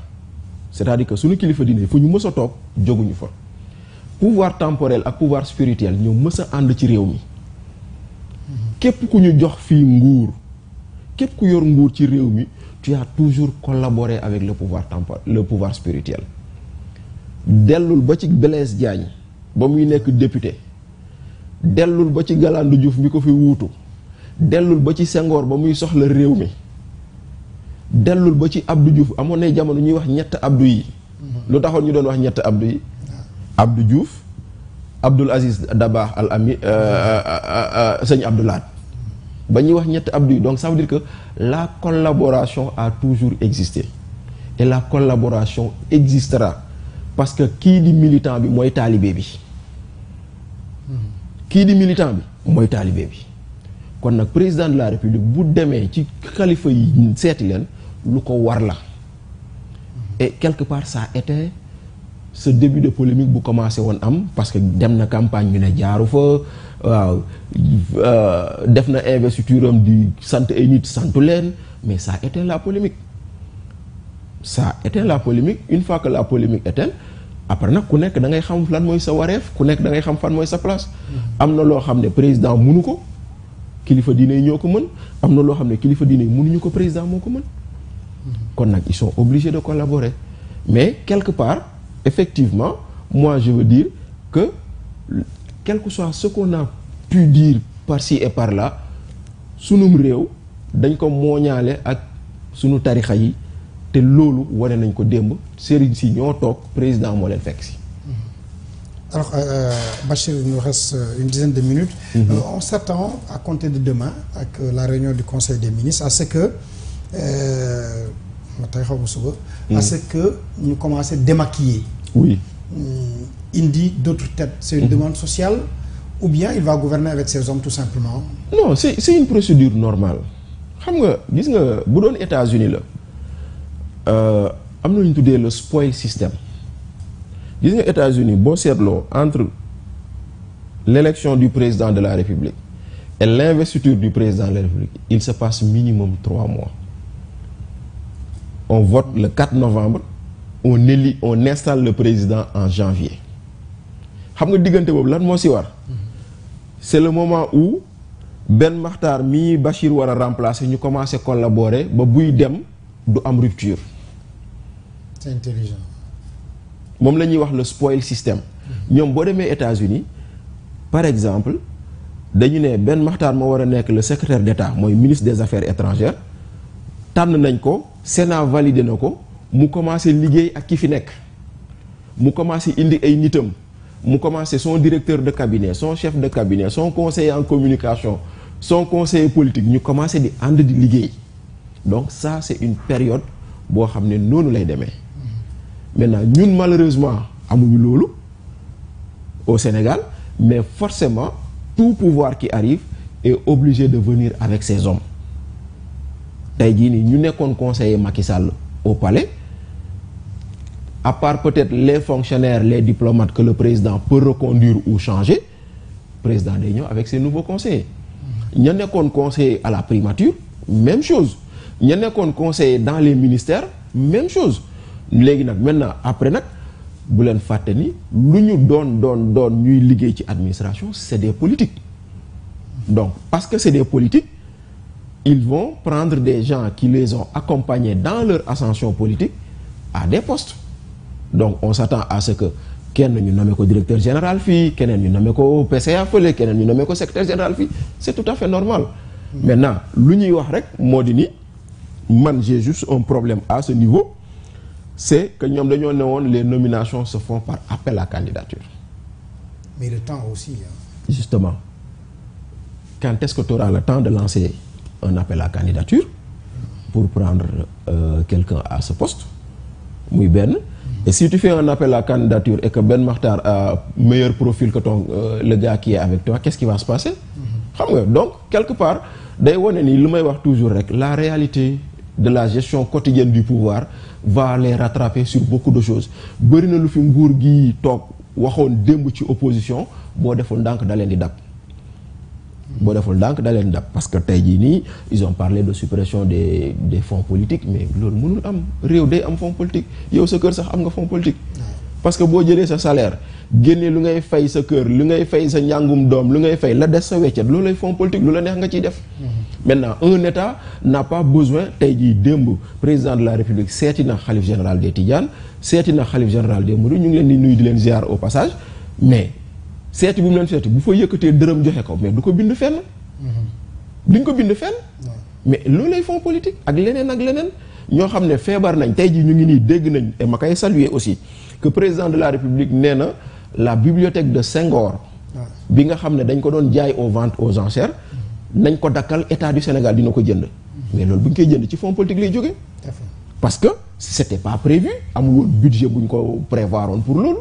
c'est-à-dire que suñu kilifa diine yi fu ñu mës fa pouvoir temporel ak pouvoir spirituel ñoo mës ci réew mi ku ñu jox fi nguur kep ku yor nguur ci réew mi tu as toujours collaboré avec le pouvoir temporel le pouvoir spirituel Delul ba ci Blaise bon ba muy nekk député Delul ba ci Galandou Diouf mi ko fi wuutu dellul ba ci Senghor ba muy soxla réew ba Abdou Diouf à na jamono nous wax ñett Abdou yi mhm. lu taxoon ñu wax Abdou yi ah. Abdou Diouf Abdoul Aziz Dabah al ami sëñ wax donc ça veut dire que la collaboration a toujours existé et la collaboration existera parce que qui dit militant bi je talibé. bi qui hmm. dit militant bi je talibé. bi kon le président de la république bu démé ci khalifa yi seeti len lu ko war la hmm. et quelque part ça était ce début de polémique bu commencé à am parce que dans la campagne ñu né jaaru fa waaw euh, def na investiture am di sant ay nit leen mais ça était la polémique ça était la polémique une fois que la polémique était après nag ku nekk da ngay xam lan mooy sa wareef ku nekk da ngay xam fan mooy sa place am na loo xam ne président munu ko kilifa diine yi ñoo ko mën am na loo xam kilifa diine ko président moo ko mën kon nag ils sont obligés de collaborer mais quelque part effectivement moi je veux dire que quel que soit ce qu'on a pu dire par-ci et par-là sunum réew dañ ko moñalé ak sunu yi nañ ko président mo mm-hmm. alors euh, Bachir il nous reste euh, une dizaine de minutes. Mm-hmm. Euh, on s'attend à compter de demain avec la réunion du conseil des ministres à ce que. Euh, commençons à mm-hmm. ce que démaquiller. oui. Mm, il dit d'autres têtes C'est une mhm. demande sociale ou bien il va gouverner avec ses hommes tout simplement Non, c'est une procédure normale. Disons que gis États-Unis euh, le spoil system gis nga États-Unis entre l'élection du président de la République et l'investiture du président de la République il se passe minimum trois mois on vote le 4 novembre on élit on installe le président en janvier xam nga diggante boobu lan moo si war c'est le moment où Ben Makhtar mii Bachir war a remplacer ñu commencé collaborer ba buy dem du am rupture. c'est moom la ñuy wax la spoil system. ñoom boo demee États-Unis par exemple dañu ne benn Makhtar moo war a nekk le secrétaire d'État mooy ministre des affaires étrangères tànn nañ ko Sénat validé na ko mu commencé liggéey ak ki fi nekk mu commencé indi ay nitam. nous commencé son directeur de cabinet son chef de cabinet son conseiller en communication son conseiller politique nous commencé di ànd di donc ça c'est une période pour amener nous les lay maintenant malheureusement à sommes au Sénégal mais forcément tout pouvoir qui arrive est obligé de venir avec ses hommes tey nous ñu conseiller Macky au palais à part peut-être les fonctionnaires, les diplomates que le président peut reconduire ou changer, président d'Union avec ses nouveaux conseillers. Il y en a qu'on conseille à la primature, même chose. Il y en a qu'on conseil dans les ministères, même chose. Maintenant, après, bu Fateni, l'union donne lu ñu nous c'est des politiques donc parce que c'est des politiques ils vont prendre des gens qui les ont accompagnés dans leur ascension politique à des postes donc on s'attend à ce que quelqu'un ñu nommé directeur général quelqu'un nous ñu nommé ko PCA quelqu'un soit nommé secrétaire général c'est tout à fait normal mm. maintenant l'union ñuy wax rek j'ai juste un problème à ce niveau c'est que nous avons les nominations se font par appel à candidature mais le temps aussi hein. justement quand est-ce que tu auras le temps de lancer un appel à candidature pour prendre euh, quelqu'un à ce poste muy Ben. Et si tu fais un appel à candidature et que Ben Maktar a meilleur profil que ton, euh, le gars qui est avec toi, qu'est-ce qui va se passer Donc, quelque part, toujours la réalité de la gestion quotidienne du pouvoir va les rattraper sur beaucoup de choses. opposition, Beaucoup de choses bo deful dank dalen dab parce que tey ni ils ont parlé de suppression des des fonds politiques mais loolu mënul am rew day am fonds politique yow sa cœur sax am nga fonds politique. parce que bo jëlee sa salaire génne lu ngay fay sa cœur lu ngay fay sa ñangum doom lu ngay fay la des sa weccet fonds politique lu la neex nga ci def. Mm-hmm. maintenant un état n'a pas besoin tey jii président de la république sétina Khalif général de Tidiane sétina Khalif général de Mourou, ñu ngi leen di nuyu di leen ziar au passage mais seeti bu mu leen seeti bu fa yëkkatee dërëm joxe ko mais du ko bind fenn. Mhm. duñ ko bind fenn. mais loolu lay fond politique ak leneen ak leneen ñoo xam ne feebar nañ tey jii ñu ngi nii dégg nañ et ma koy saluer aussi que président de la république nee la bibliothèque de Senghor. bi nga xam ne dañ ko doon jaay aux ventes aux enchères. nañ ko dakkal état du Sénégal dina ko jënd. mais loolu bu ñu koy jënd ci fond politique lay jógee. parce que c'était pas prévu amul budget bu ñu ko prévoir pour loolu.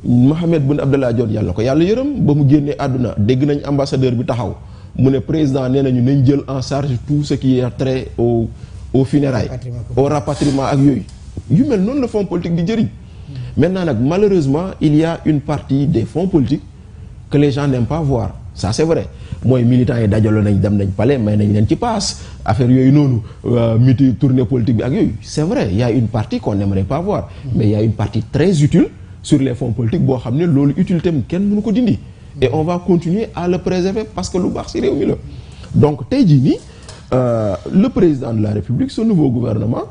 Mohamed Boun Abdallah y yalla ko yalla yeureum ba mu génnee aduna dégg nañ ambassadeur bi taxaw mu ne président nee nañu nañ en charge tout ce qui est trait au au funérailles au rapatriement ak yoy yu mel non fonds politique di jëriñ maintenant malheureusement il y a une partie des fonds politiques que les gens n'aiment pas voir ça c'est vrai moy militants yi dajaloo nañ dem nañ palais mais nañ len ci passe affaire yoy nonu euh, miti tournée politique bi ak c'est vrai il y a une partie qu'on n'aimerait pas voir mais il y a une partie très utile sur les fonds politiques bo xamné lolu utilité et on va continuer à le préserver parce que lu bax ci réew mi donc euh, le président de la République ce nouveau gouvernement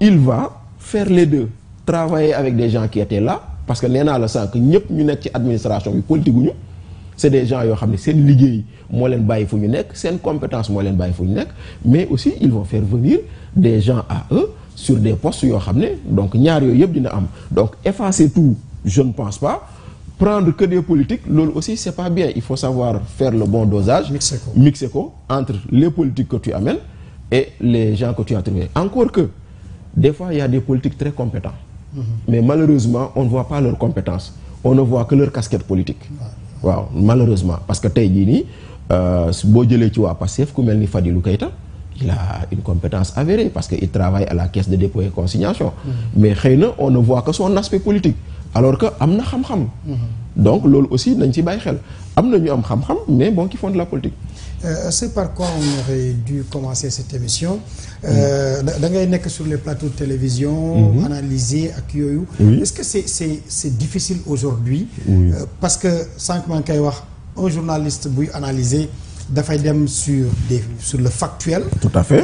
il va faire les deux travailler avec des gens qui étaient là parce que néna naa la que ñep ñu nek ci administration politique ñu c'est des gens yo xamné une liguey mo len bayyi fu ñu compétence mais aussi ils vont faire venir des gens à eux sur des postes yo xamné donc ñaar dina am donc effacer tout je ne pense pas. Prendre que des politiques, aussi, c'est pas bien. Il faut savoir faire le bon dosage, Mixeco. entre les politiques que tu amènes et les gens que tu as trouvés. Encore que, des fois, il y a des politiques très compétents. Mhm. Mais malheureusement, on ne voit pas leurs compétences. On ne voit que leur casquette politique. malheureusement parce que tey euh, il a une compétence avérée parce qu'il travaille à la caisse de dépôt et consignation mhm. mais on ne voit que son aspect politique alors que amna xam-xam. Mhm. donc lolu aussi nañ ci bàyyi xel amna ñu am xam-xam mais bon qui font de la politique. Euh, c'est par quoi on aurait dû commencer cette émission. Euh, da ngay que sur les plateaux de télévision. Mhm. analyser ak est-ce que c'est c'est c'est difficile aujourd'hui euh, parce que sank man kay wax un journaliste buy analyser fay dem sur des sur le factuel. tout à fait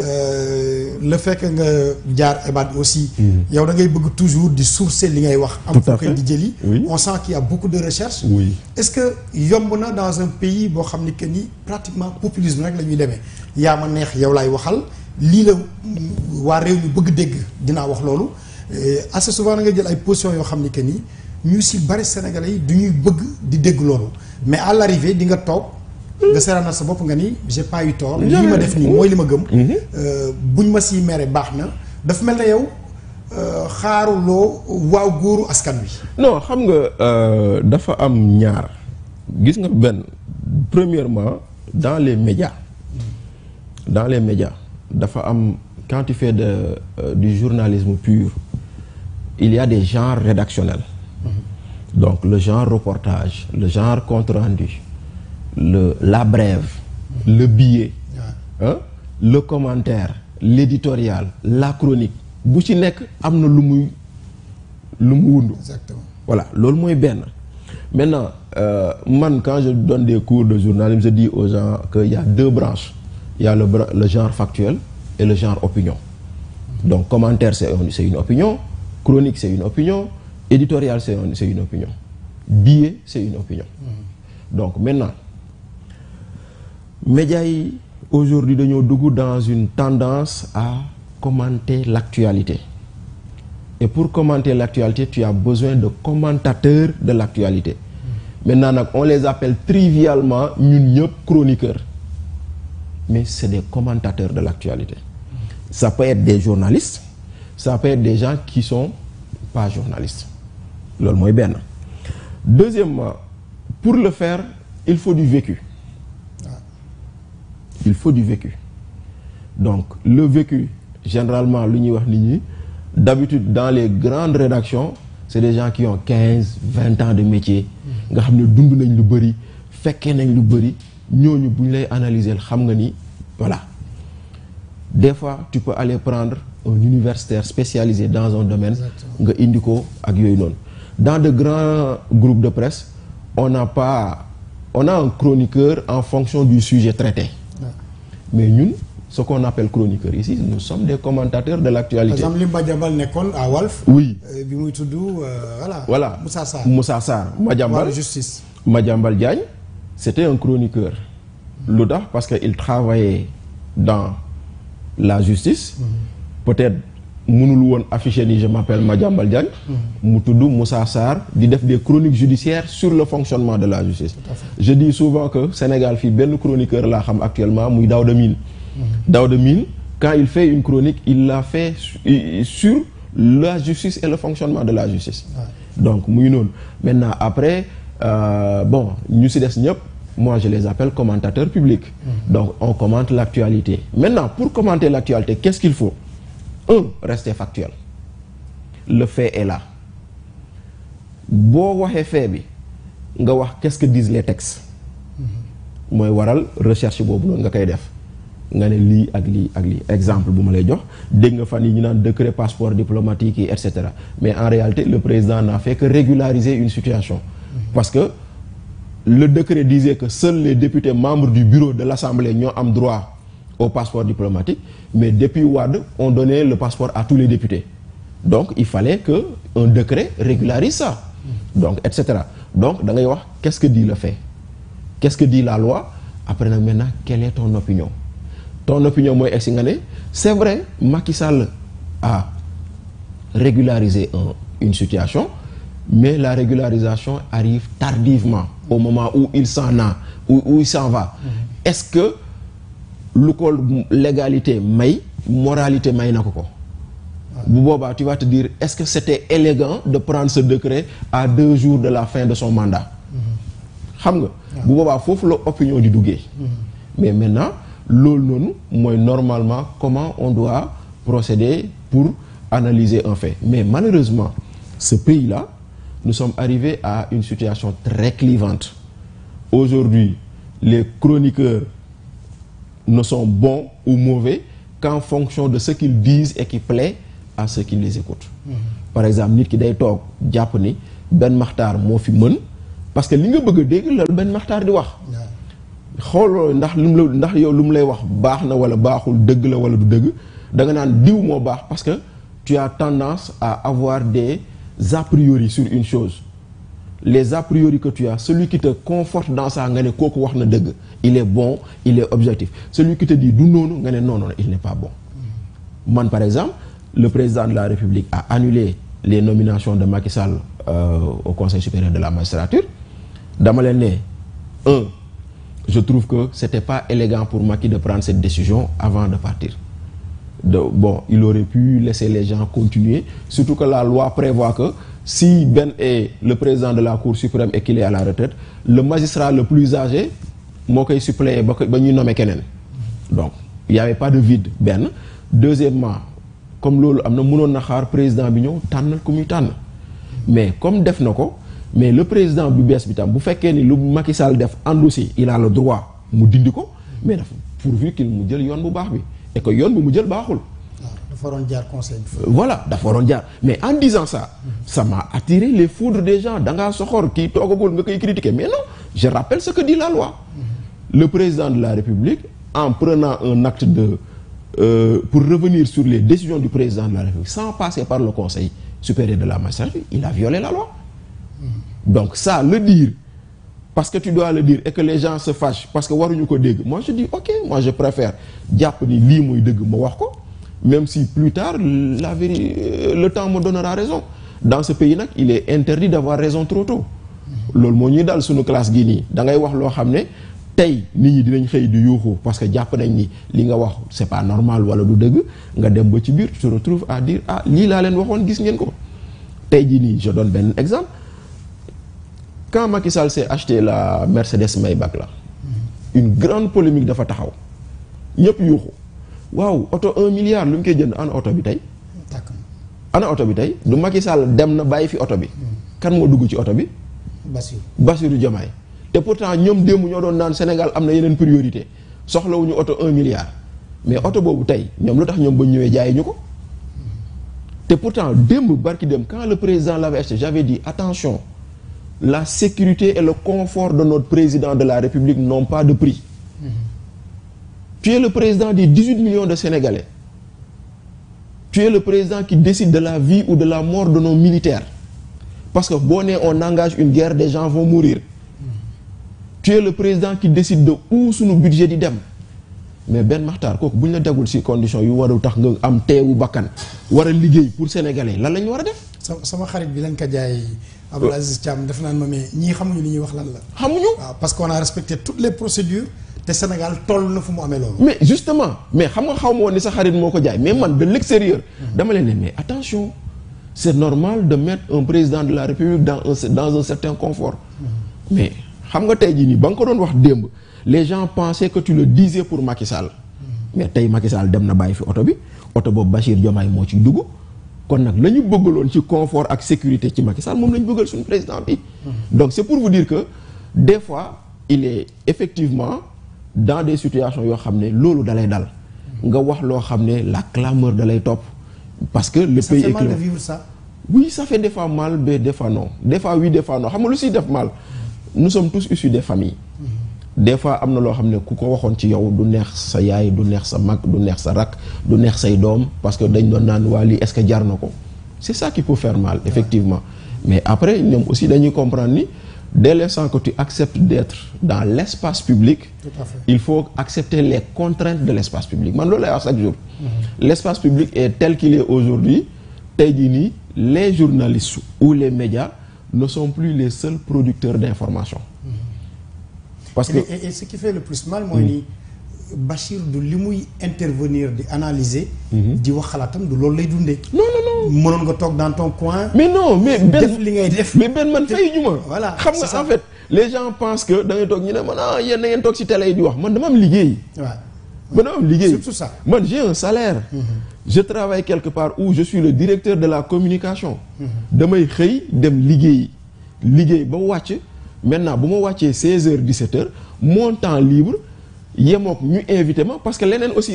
le fait que nga diar EBAD aussi. Mm. yow da ngay bëgg toujours di sourcer li ngay wax. am foo di jeli on sent qu'il y a beaucoup de recherches oui est-ce que yomb na dans un pays bo xamni que ni pratiquement populisme rek la démé demee ma neex yow lay waxal li la wa rew ñu bëgg dégg dina wax loolu euh, assez souvent nga jël ay positions yo xamni que ni ñu si bari Sénégalais duñuy bëgg di dégg lolu mais à l'arrivée di nga toog nga seeraanal sa bopp nga ni j'ai pas eu tort. lii ma def ni moy li ma gëm. Mhm. Euh, buñ ma si méré baxna na daf mel euh xaru lo waw góoru askan wi. non xam nga euh, dafa am ñaar gis nga ben premièrement dans les médias dans les médias dafa am quand tu fais de euh, du journalisme pur il y a des genres rédactionnels mhm. donc le genre reportage le genre compte rendu le, la brève, le billet, hein, le commentaire, l'éditorial, la chronique. bu ci nek amna lu lu exactement voilà loolu moy bien. maintenant euh, man quand je donne des cours de journalisme je dis aux gens qu'il y a deux branches il y a le, genre factuel et le genre opinion. donc commentaire c'est une opinion chronique c'est une opinion éditorial c'est c'est une opinion billet c'est une opinion. Mm-hmm. donc maintenant médias aujourd'hui nous sommes dans une tendance à commenter l'actualité et pour commenter l'actualité tu as besoin de commentateurs de l'actualité maintenant on les appelle trivialement ñun chroniqueurs mais c'est des commentateurs de l'actualité ça peut être des journalistes ça peut être des gens qui sont pas journalistes est bien. deuxièmement pour le faire il faut du vécu il faut du vécu donc le vécu généralement d'habitude dans les grandes rédactions c'est des gens qui ont 15, 20 ans de métier nga dund voilà des fois tu peux aller prendre un universitaire spécialisé dans un domaine dans de grands groupes de presse on n'a pas on a un chroniqueur en fonction du sujet traité mais nous, ce qu'on appelle chroniqueur ici nous sommes des commentateurs de l'actualité. par exemple à oui euh, euh, voilà. voilà Moussa Moussa justice. Diagne c'était un chroniqueur. lu parce qu'il travaillait dans la justice. Mhm. peut-être mënul je m'appelle Madjambal Diagne hmm. mu Moussa Sarr di des chroniques judiciaires sur le fonctionnement de la justice je dis souvent que Sénégal fi ben chroniqueur la actuellement muy Daouda hmm. Dans quand il fait une chronique il l'a fait euh, sur la justice et le fonctionnement de la justice donc muy non maintenant après euh, bon ñu moi je les appelle commentateurs publics hmm. donc on commente l'actualité maintenant pour commenter l'actualité qu'est-ce qu'il faut un rester factuel le fait est là Bon, waxee fait qu'est-ce que disent les textes Moi, waral recherche boobu nga que def nga ni li ak lii exemple bu lay décret passeport diplomatique etc. mais en réalité le président n'a fait que régulariser une situation parce que le décret disait que seuls les députés membres du bureau de l'Assemblée ont droit au passeport diplomatique, mais depuis Wad, on donnait le passeport à tous les députés. Donc, il fallait un décret régularise ça. Donc, etc. Donc, qu'est-ce que dit le fait Qu'est-ce que dit la loi Après, maintenant, quelle est ton opinion Ton opinion, moi, est C'est vrai, Macky Sall a régularisé une situation, mais la régularisation arrive tardivement, au moment où il s'en a, où, où il s'en va. Mm-hmm. Est-ce que L'egalité légalité moralité may ko tu vas te dire est-ce que c'était élégant de prendre ce décret à deux jours de la fin de son mandat xam nga bu boobaa l'opinion la mais maintenant normalement comment on doit procéder pour analyser un fait mais malheureusement ce pays-là nous sommes arrivés à une situation très clivante aujourd'hui les chroniqueurs ne sont bons ou mauvais qu'en fonction de ce qu'ils disent et qui plaît à ceux qui les écoutent. Mhm. Par exemple, nit ki day tok jàpp ni benn fi meun parce que li nga bëgg a dégg loolu benn maxtaar di wax. xooloo ndax lum la ndax yow lum lay wax baax na wala baaxul la wala du da nga nan diw mo baax parce que tu as tendance à avoir des a priori sur une chose les a priori que tu as, celui qui te conforte dans sa il est bon, il est objectif. Celui qui te dit non ngane non non, il n'est pas bon. moi par exemple, le président de la République a annulé les nominations de Macky Sall euh, au Conseil supérieur de la magistrature. Dama un je trouve que c'était pas élégant pour Macky de prendre cette décision avant de partir. De, bon, il aurait pu laisser les gens continuer, surtout que la loi prévoit que si Ben est le président de la Cour suprême et qu'il est à la retraite, le magistrat le plus âgé, moi nommer Kenen. Donc, il n'y avait pas de vide, Ben. Deuxièmement, comme l'eau, le président Bignon, tan comme tan. Mais comme def noko, mais le président Bubès Bitam, vous faites qu'il le Macky Sall def endossé, il a le droit, nous mais pourvu qu'il nous dise yon et que yon nous dise voilà mais en disant ça ça m'a attiré les foudres des gens mais non je rappelle ce que dit la loi le président de la République en prenant un acte de euh, pour revenir sur les décisions du président de la République sans passer par le Conseil supérieur de la magistrature il a violé la loi donc ça le dire parce que tu dois le dire et que les gens se fâchent parce que moi je dis ok moi je préfère même si plus tard, le temps me donnera raison. Dans ce pays-là, il est interdit d'avoir raison trop tôt. C'est ce ñuy daal suñu classe gi classe. da ngay wax loo xam ne tey nit ñi dinañ parce que ce nañ ni li nga wax c'est pas normal wala du dëgg nga dem ba ci biir tu te retrouves à dire ah c'est ce leen waxoon gis ko tey jii je donne un exemple quand Macky Sall s'est acheté la Mercedes Maybach là une grande polémique dafa taxaw ñëpp yuuxu waaw oto 1 milliard lu mu koy jënd ana oto bi tey. ana bi dem na bàyyi fi oto bi. kan moo dugg ci oto bi. te pourtant ñoom ñoo Sénégal am na yeneen priorité soxlawuñu un milliard mais auto boobu tey ñoom lu tax ñoom ba ñëwee jaay pourtant quand le président l'avait j'avais dit attention la sécurité et le confort de notre président de la République n'ont pas de prix. Tu es le président des 18 millions de Sénégalais. Tu es le président qui décide de la vie ou de la mort de nos militaires. Parce que bonnet, on engage une guerre, des gens vont mourir. Tu es le président qui décide de où sont nos budgets d'idem. Mais Ben Mahtar, si vous avez des conditions, vous avez am thé ou bakan, vous avez ligué pour les Sénégalais. Là, vous avez fait. Sama xarit bi lañ ko jaay Abdou euh. Aziz Thiam def naan ma mais ñii xamuñu wax lan la. parce qu'on a respecté toutes les procédures. Le Sénégal mais justement mais xam nga xaw ma woon ni sa xarit mais man de l'extérieur, je dama disais, mais attention c'est normal de mettre un président de la république dans un dans un certain confort. mais xam nga tey jii nii ko les gens pensaient que tu le disais pour Macky Sall. mais Macky Sall dem na à fi oto bi Bachir Diomaye moo ci dugg kon nag la ñu ci confort ak sécurité ci Macky Sall moom la ñu bëggal le président donc c'est pour vous dire que des fois il est effectivement dans des situations yo xamné lolu dalay dal nga wax lo xamné la clameur dalay top parce que le pays est mal de vivre ça oui ça fait des fois mal mais des fois non des fois oui des fois non xam nga lu ci def mal nous sommes tous issus des familles des fois amna lo xamné kuko ne ci yow du neex sa yaay du neex sa mak du neex sa rak du neex say dom parce que dañ doon nan wali est-ce que jarnako c'est ça qui peut faire mal effectivement mais après ñoom aussi dañuy comprendre ni Dès l'instant que tu acceptes d'être dans l'espace public, il faut accepter les contraintes de l'espace public. chaque jour. Mhm. L'espace public est tel qu'il est aujourd'hui. les journalistes ou les médias ne sont plus les seuls producteurs d'informations. Mhm. Et, ce qui fait le plus mal, moi, mhm. Bachir, de intervenir, d'analyser, mm -hmm. de Non, non, mënoon nga toog dans ton coin. mais non mais Ben, li ngay def. mais Ben man fay du ma. voilà Ça nga en fait les gens pensent que da ngay toog ñu ne man ah yéen da ngeen télé yi di wax man dama am liggéey. waaw man am surtout ça man j'ai un salaire. Mm-hmm. je travaille quelque part où je suis le directeur de la communication. Mm-hmm. damay xëy dem liggéey liggéey ba wàcc maintenant bu ma wàccee 16h 17h mon temps libre y a invité ma parce que l'ennemi aussi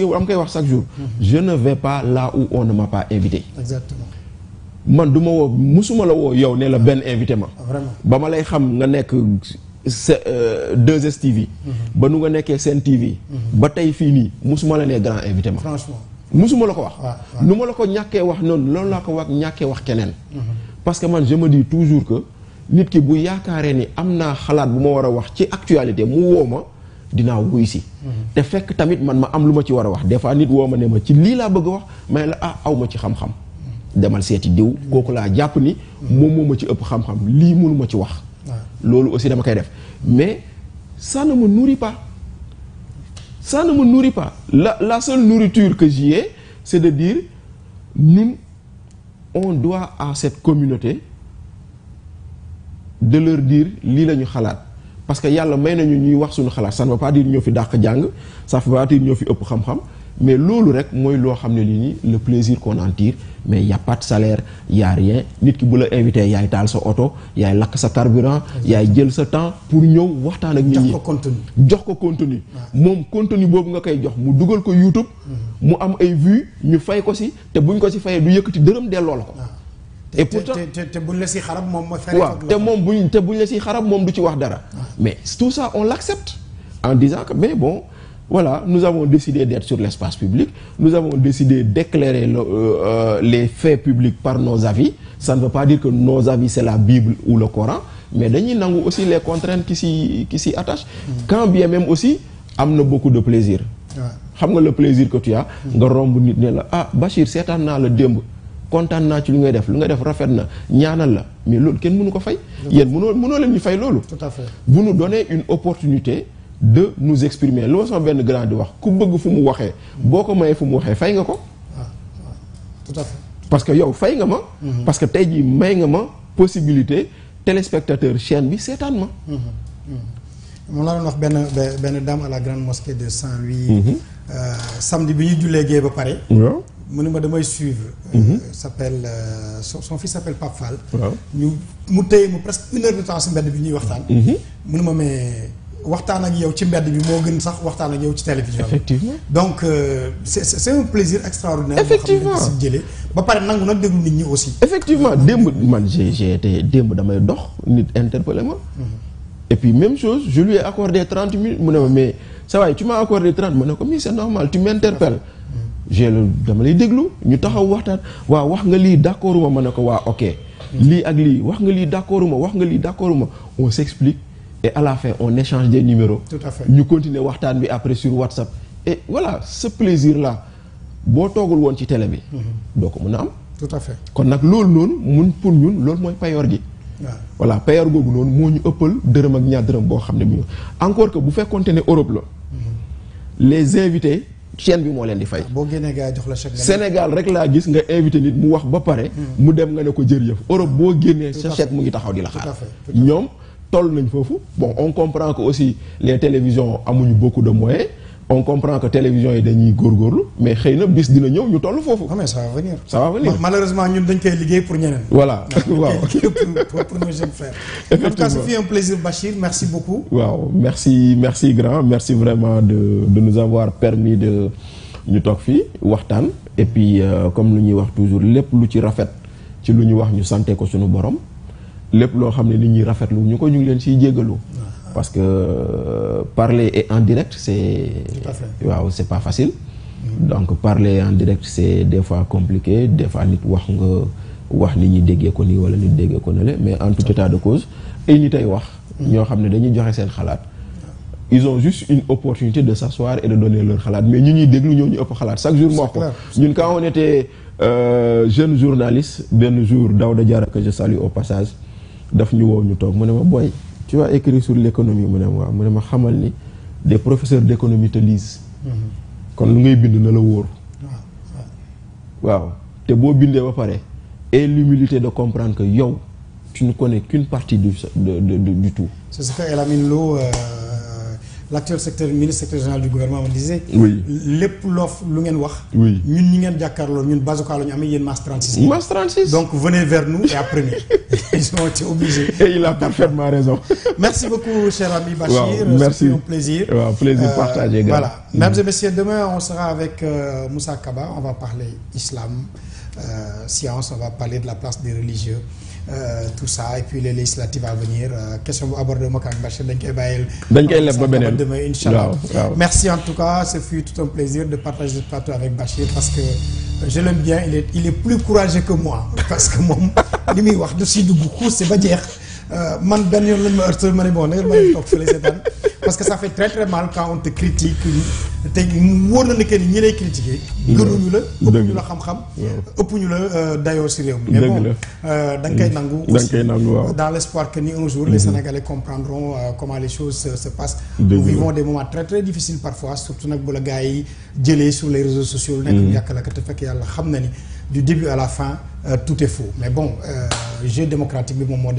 chaque jour mhm. je ne vais pas là où on ne m'a pas invité exactement man la wo ne la ben invité vraiment Je nga 2STV euh, mhm. ba nu TV mhm. ba tay la grand invité franchement musuma la wax nu la ko wax wax parce que moi, je me dis toujours que nit ki bu yaakaaree ni bu actualité Dina wuy ici. Mhm. te fekk tamit man ma am luma ci wara wax des fois nit woo ma ne ma ci li la bëgg wax mais la ah aw ma ci xam-xam mhm. demal seeti diw mhm. kooku la japp ni mom moma ci xam-xam ma ci wax aussi dama koy def mais ça ne me nourrit pas ça ne me nourrit pas la la seule nourriture que j'y ai c'est de dire nous on doit à cette communauté de leur dire li lañu parce que yalla may nañu ñuy wax suñu xalaat ça ne veut pas dire ñoo dakk jang ça ne veut pas dire ñoo ëpp xam-xam mais lolu rek moy lo xam li ni le plaisir qu'on en tire mais y a pas de salaire y a rien nit ki bu la invité yaay taal sa auto, yaay lak sa carburant yaay jël sa temps pour ñew waxtaan ak nit ñi jox ko contenu jox ko contenu mom contenu bobu nga koy jox mu duggal ko YouTube mhm. mu am ay vues ñu fay ko si te buñ ko si fayé du yëkkati dërëm delloo la ko et pourtant mais tout ça on l'accepte en disant que mais bon voilà nous avons décidé d'être sur l'espace public nous avons décidé d'éclairer euh, euh, les faits publics par nos avis ça ne veut pas dire que nos avis c'est la Bible ou le Coran mais nous avons aussi les contraintes qui s'y attachent hmm. quand bien même aussi amener beaucoup de plaisir xam le plaisir que tu as hmm. nga romb ah Bachir kontaan na ci li ngay def lu nga def rafet na ñaanal la mais lool kenn mënu ko fay. yeen mëno mëno leen ñu fay loolu. tout à fait bu ñu donner une opportunité. de nous exprimer lu ma sama benn grand di wax ku bëgg fu mu waxee. boo ko mayee fu mu waxee fay nga ko. Ah, ah, tout à fait parce que yow fay nga ma. Mm-hmm. parce que tay ji may nga ma possibilité téléspectateur chaîne bi sétane ma. moom laa doon wax benn benn dame à la grande mosquée de Saint-Louis. Mm-hmm. Euh, samedi bi ñu jullee gee ba pare mon nom suivre. Euh, mhm. s'appelle euh, son fils s'appelle Papfal. Nous ñu presque une heure de temps bi donc c'est un plaisir extraordinaire. effectivement effectivement j'ai été interpellé mhm. et puis même chose je lui ai accordé 30 minutes mais ça va tu m'as accordé 30 c'est normal tu m'interpelles. j'ai dama lay déglu ñu taxaw waxtaan waaw wax nga lii d'accord ma ma ne ko waa ok lii ak lii wax nga lii d'accord ma wax nga lii d'accord ma on s'explique et à la fin on échange des numéros ñu continuer waxtaan bi après sur WhatsApp et voilà ce plaisir là boo toogul woon ci tele bi mm-hmm. doo ko mën a am tout fait kon nag loolu noonu mun pour ñun loolu mooy payoor gi voilà payoor googu noonu moo ñu ëppal dërëm ak ñaar dërëm boo xam ne bi ñu encore que bu fekkonte ne Europe la mm-hmm. chaîne bi moo leen di fay. boo génnee gars jox la Sénégal rek laa gis nga invité nit mu wax ba pare. Hmm. mu dem nga ne ko jërëjëf Europe boo hmm. génnee. sa chèque mu ngi taxaw di la xaar. ñoom toll nañ foofu bon on comprend que aussi les télévisions amuñu beaucoup de moyens. on comprend que télévision yi dañuy góorgóorlu mais xeyna bis dina ñëw ñu tollu fofu ah, mais ça va venir. ça va venir malheureusement ñun dañ koy liggéey pour ñeneen. voilà waaw pour pour nos jeunes frères. en tout cas ce fut un plaisir Bachir merci beaucoup. waaw merci merci grand merci vraiment de de nous avoir permis de ñu tok fi waxtaan. et puis euh, comme lu ñuy wax toujours lepp lu ci rafet ci lu ñuy wax ñu santé ko suñu borom lepp lo xam ni ñuy rafetlu lu ñuko ñu ngi leen ci jéggalu parce que euh, parler en direct, c'est wow, c'est pas facile. Mm-hmm. Donc parler en direct, c'est des fois compliqué, des fois nit wax nga wax ni ñi déggé ko ni wala nit déggé ko mais en tout état de cause, ay nit tay wax mm-hmm. ño xamné dañuy joxé sen xalaat. Ils ont juste une opportunité de s'asseoir et de donner leur xalaat mais ñi ñi déglu ñoo ñu ëpp xalaat chaque jour mo ko. Ñun quand on était euh, jeune journaliste, ben jour Daouda Diara que je salue au passage, daf ñu wo ñu tok mu ne ma boy tu as écrire sur l'économie mon ne Mon des professeurs d'économie te lisent Quand mhm. tu ngay bind na la wóor ah, waaw te boo bindee ba et l'humilité de comprendre que yo, tu ne connais qu'une partie du, de, du tout c'est ce que Elamine Lo euh l'actuel secteur ministre secteur général du gouvernement disait oui lépp loof lu ngeen wax oui ñun ñi ngeen jàkkaarloo ñun ñu 36 36 donc venez vers nous et apprenez ils ont été obligés et il a parfaitement raison merci beaucoup cher ami Bachir wow, merci un plaisir plaisir euh, partagé voilà mm. mesdames et messieurs demain on sera avec euh, Moussa Kaba on va parler islam euh, science on va parler de la place des religieux euh, tout ça et puis les législatives à venir euh, question vous abordez ma ak Bachir merci en tout cas ce fut tout un plaisir de partager ce plateau avec Bachir parce que euh, je l'aime bien il est il est plus courageux que moi parce que moi, li muy wax du beaucoup, c'est pas dire euh, man ben yon lañ ma heurté ma ne bon na ngeen ma parce que ça fait très très mal quand on te critique te wóor na ne que ni ñi lay critiquer. gënuñu la ëpp ñu la xam-xam. ëpp ñu la euh, dayo ci réew mais bon euh nga nangu. da nga nangu dans l'espoir que ni un jour les Sénégalais comprendront euh, comment les choses se passent. nous vivons des moments très très difficiles parfois surtout nak bu la gaay jëlé sur les réseaux sociaux. nak yak la ka te fekk yalla xam na ni du début à la fin, euh, tout est faux. Mais bon, j'ai euh, jeu démocratique, mais bon, moi,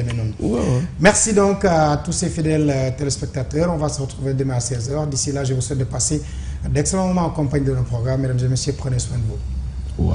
Merci donc à tous ces fidèles euh, téléspectateurs. On va se retrouver demain à 16h. D'ici là, je vous souhaite de passer d'excellents moments en compagnie de nos programmes. Mesdames et messieurs, prenez soin de vous.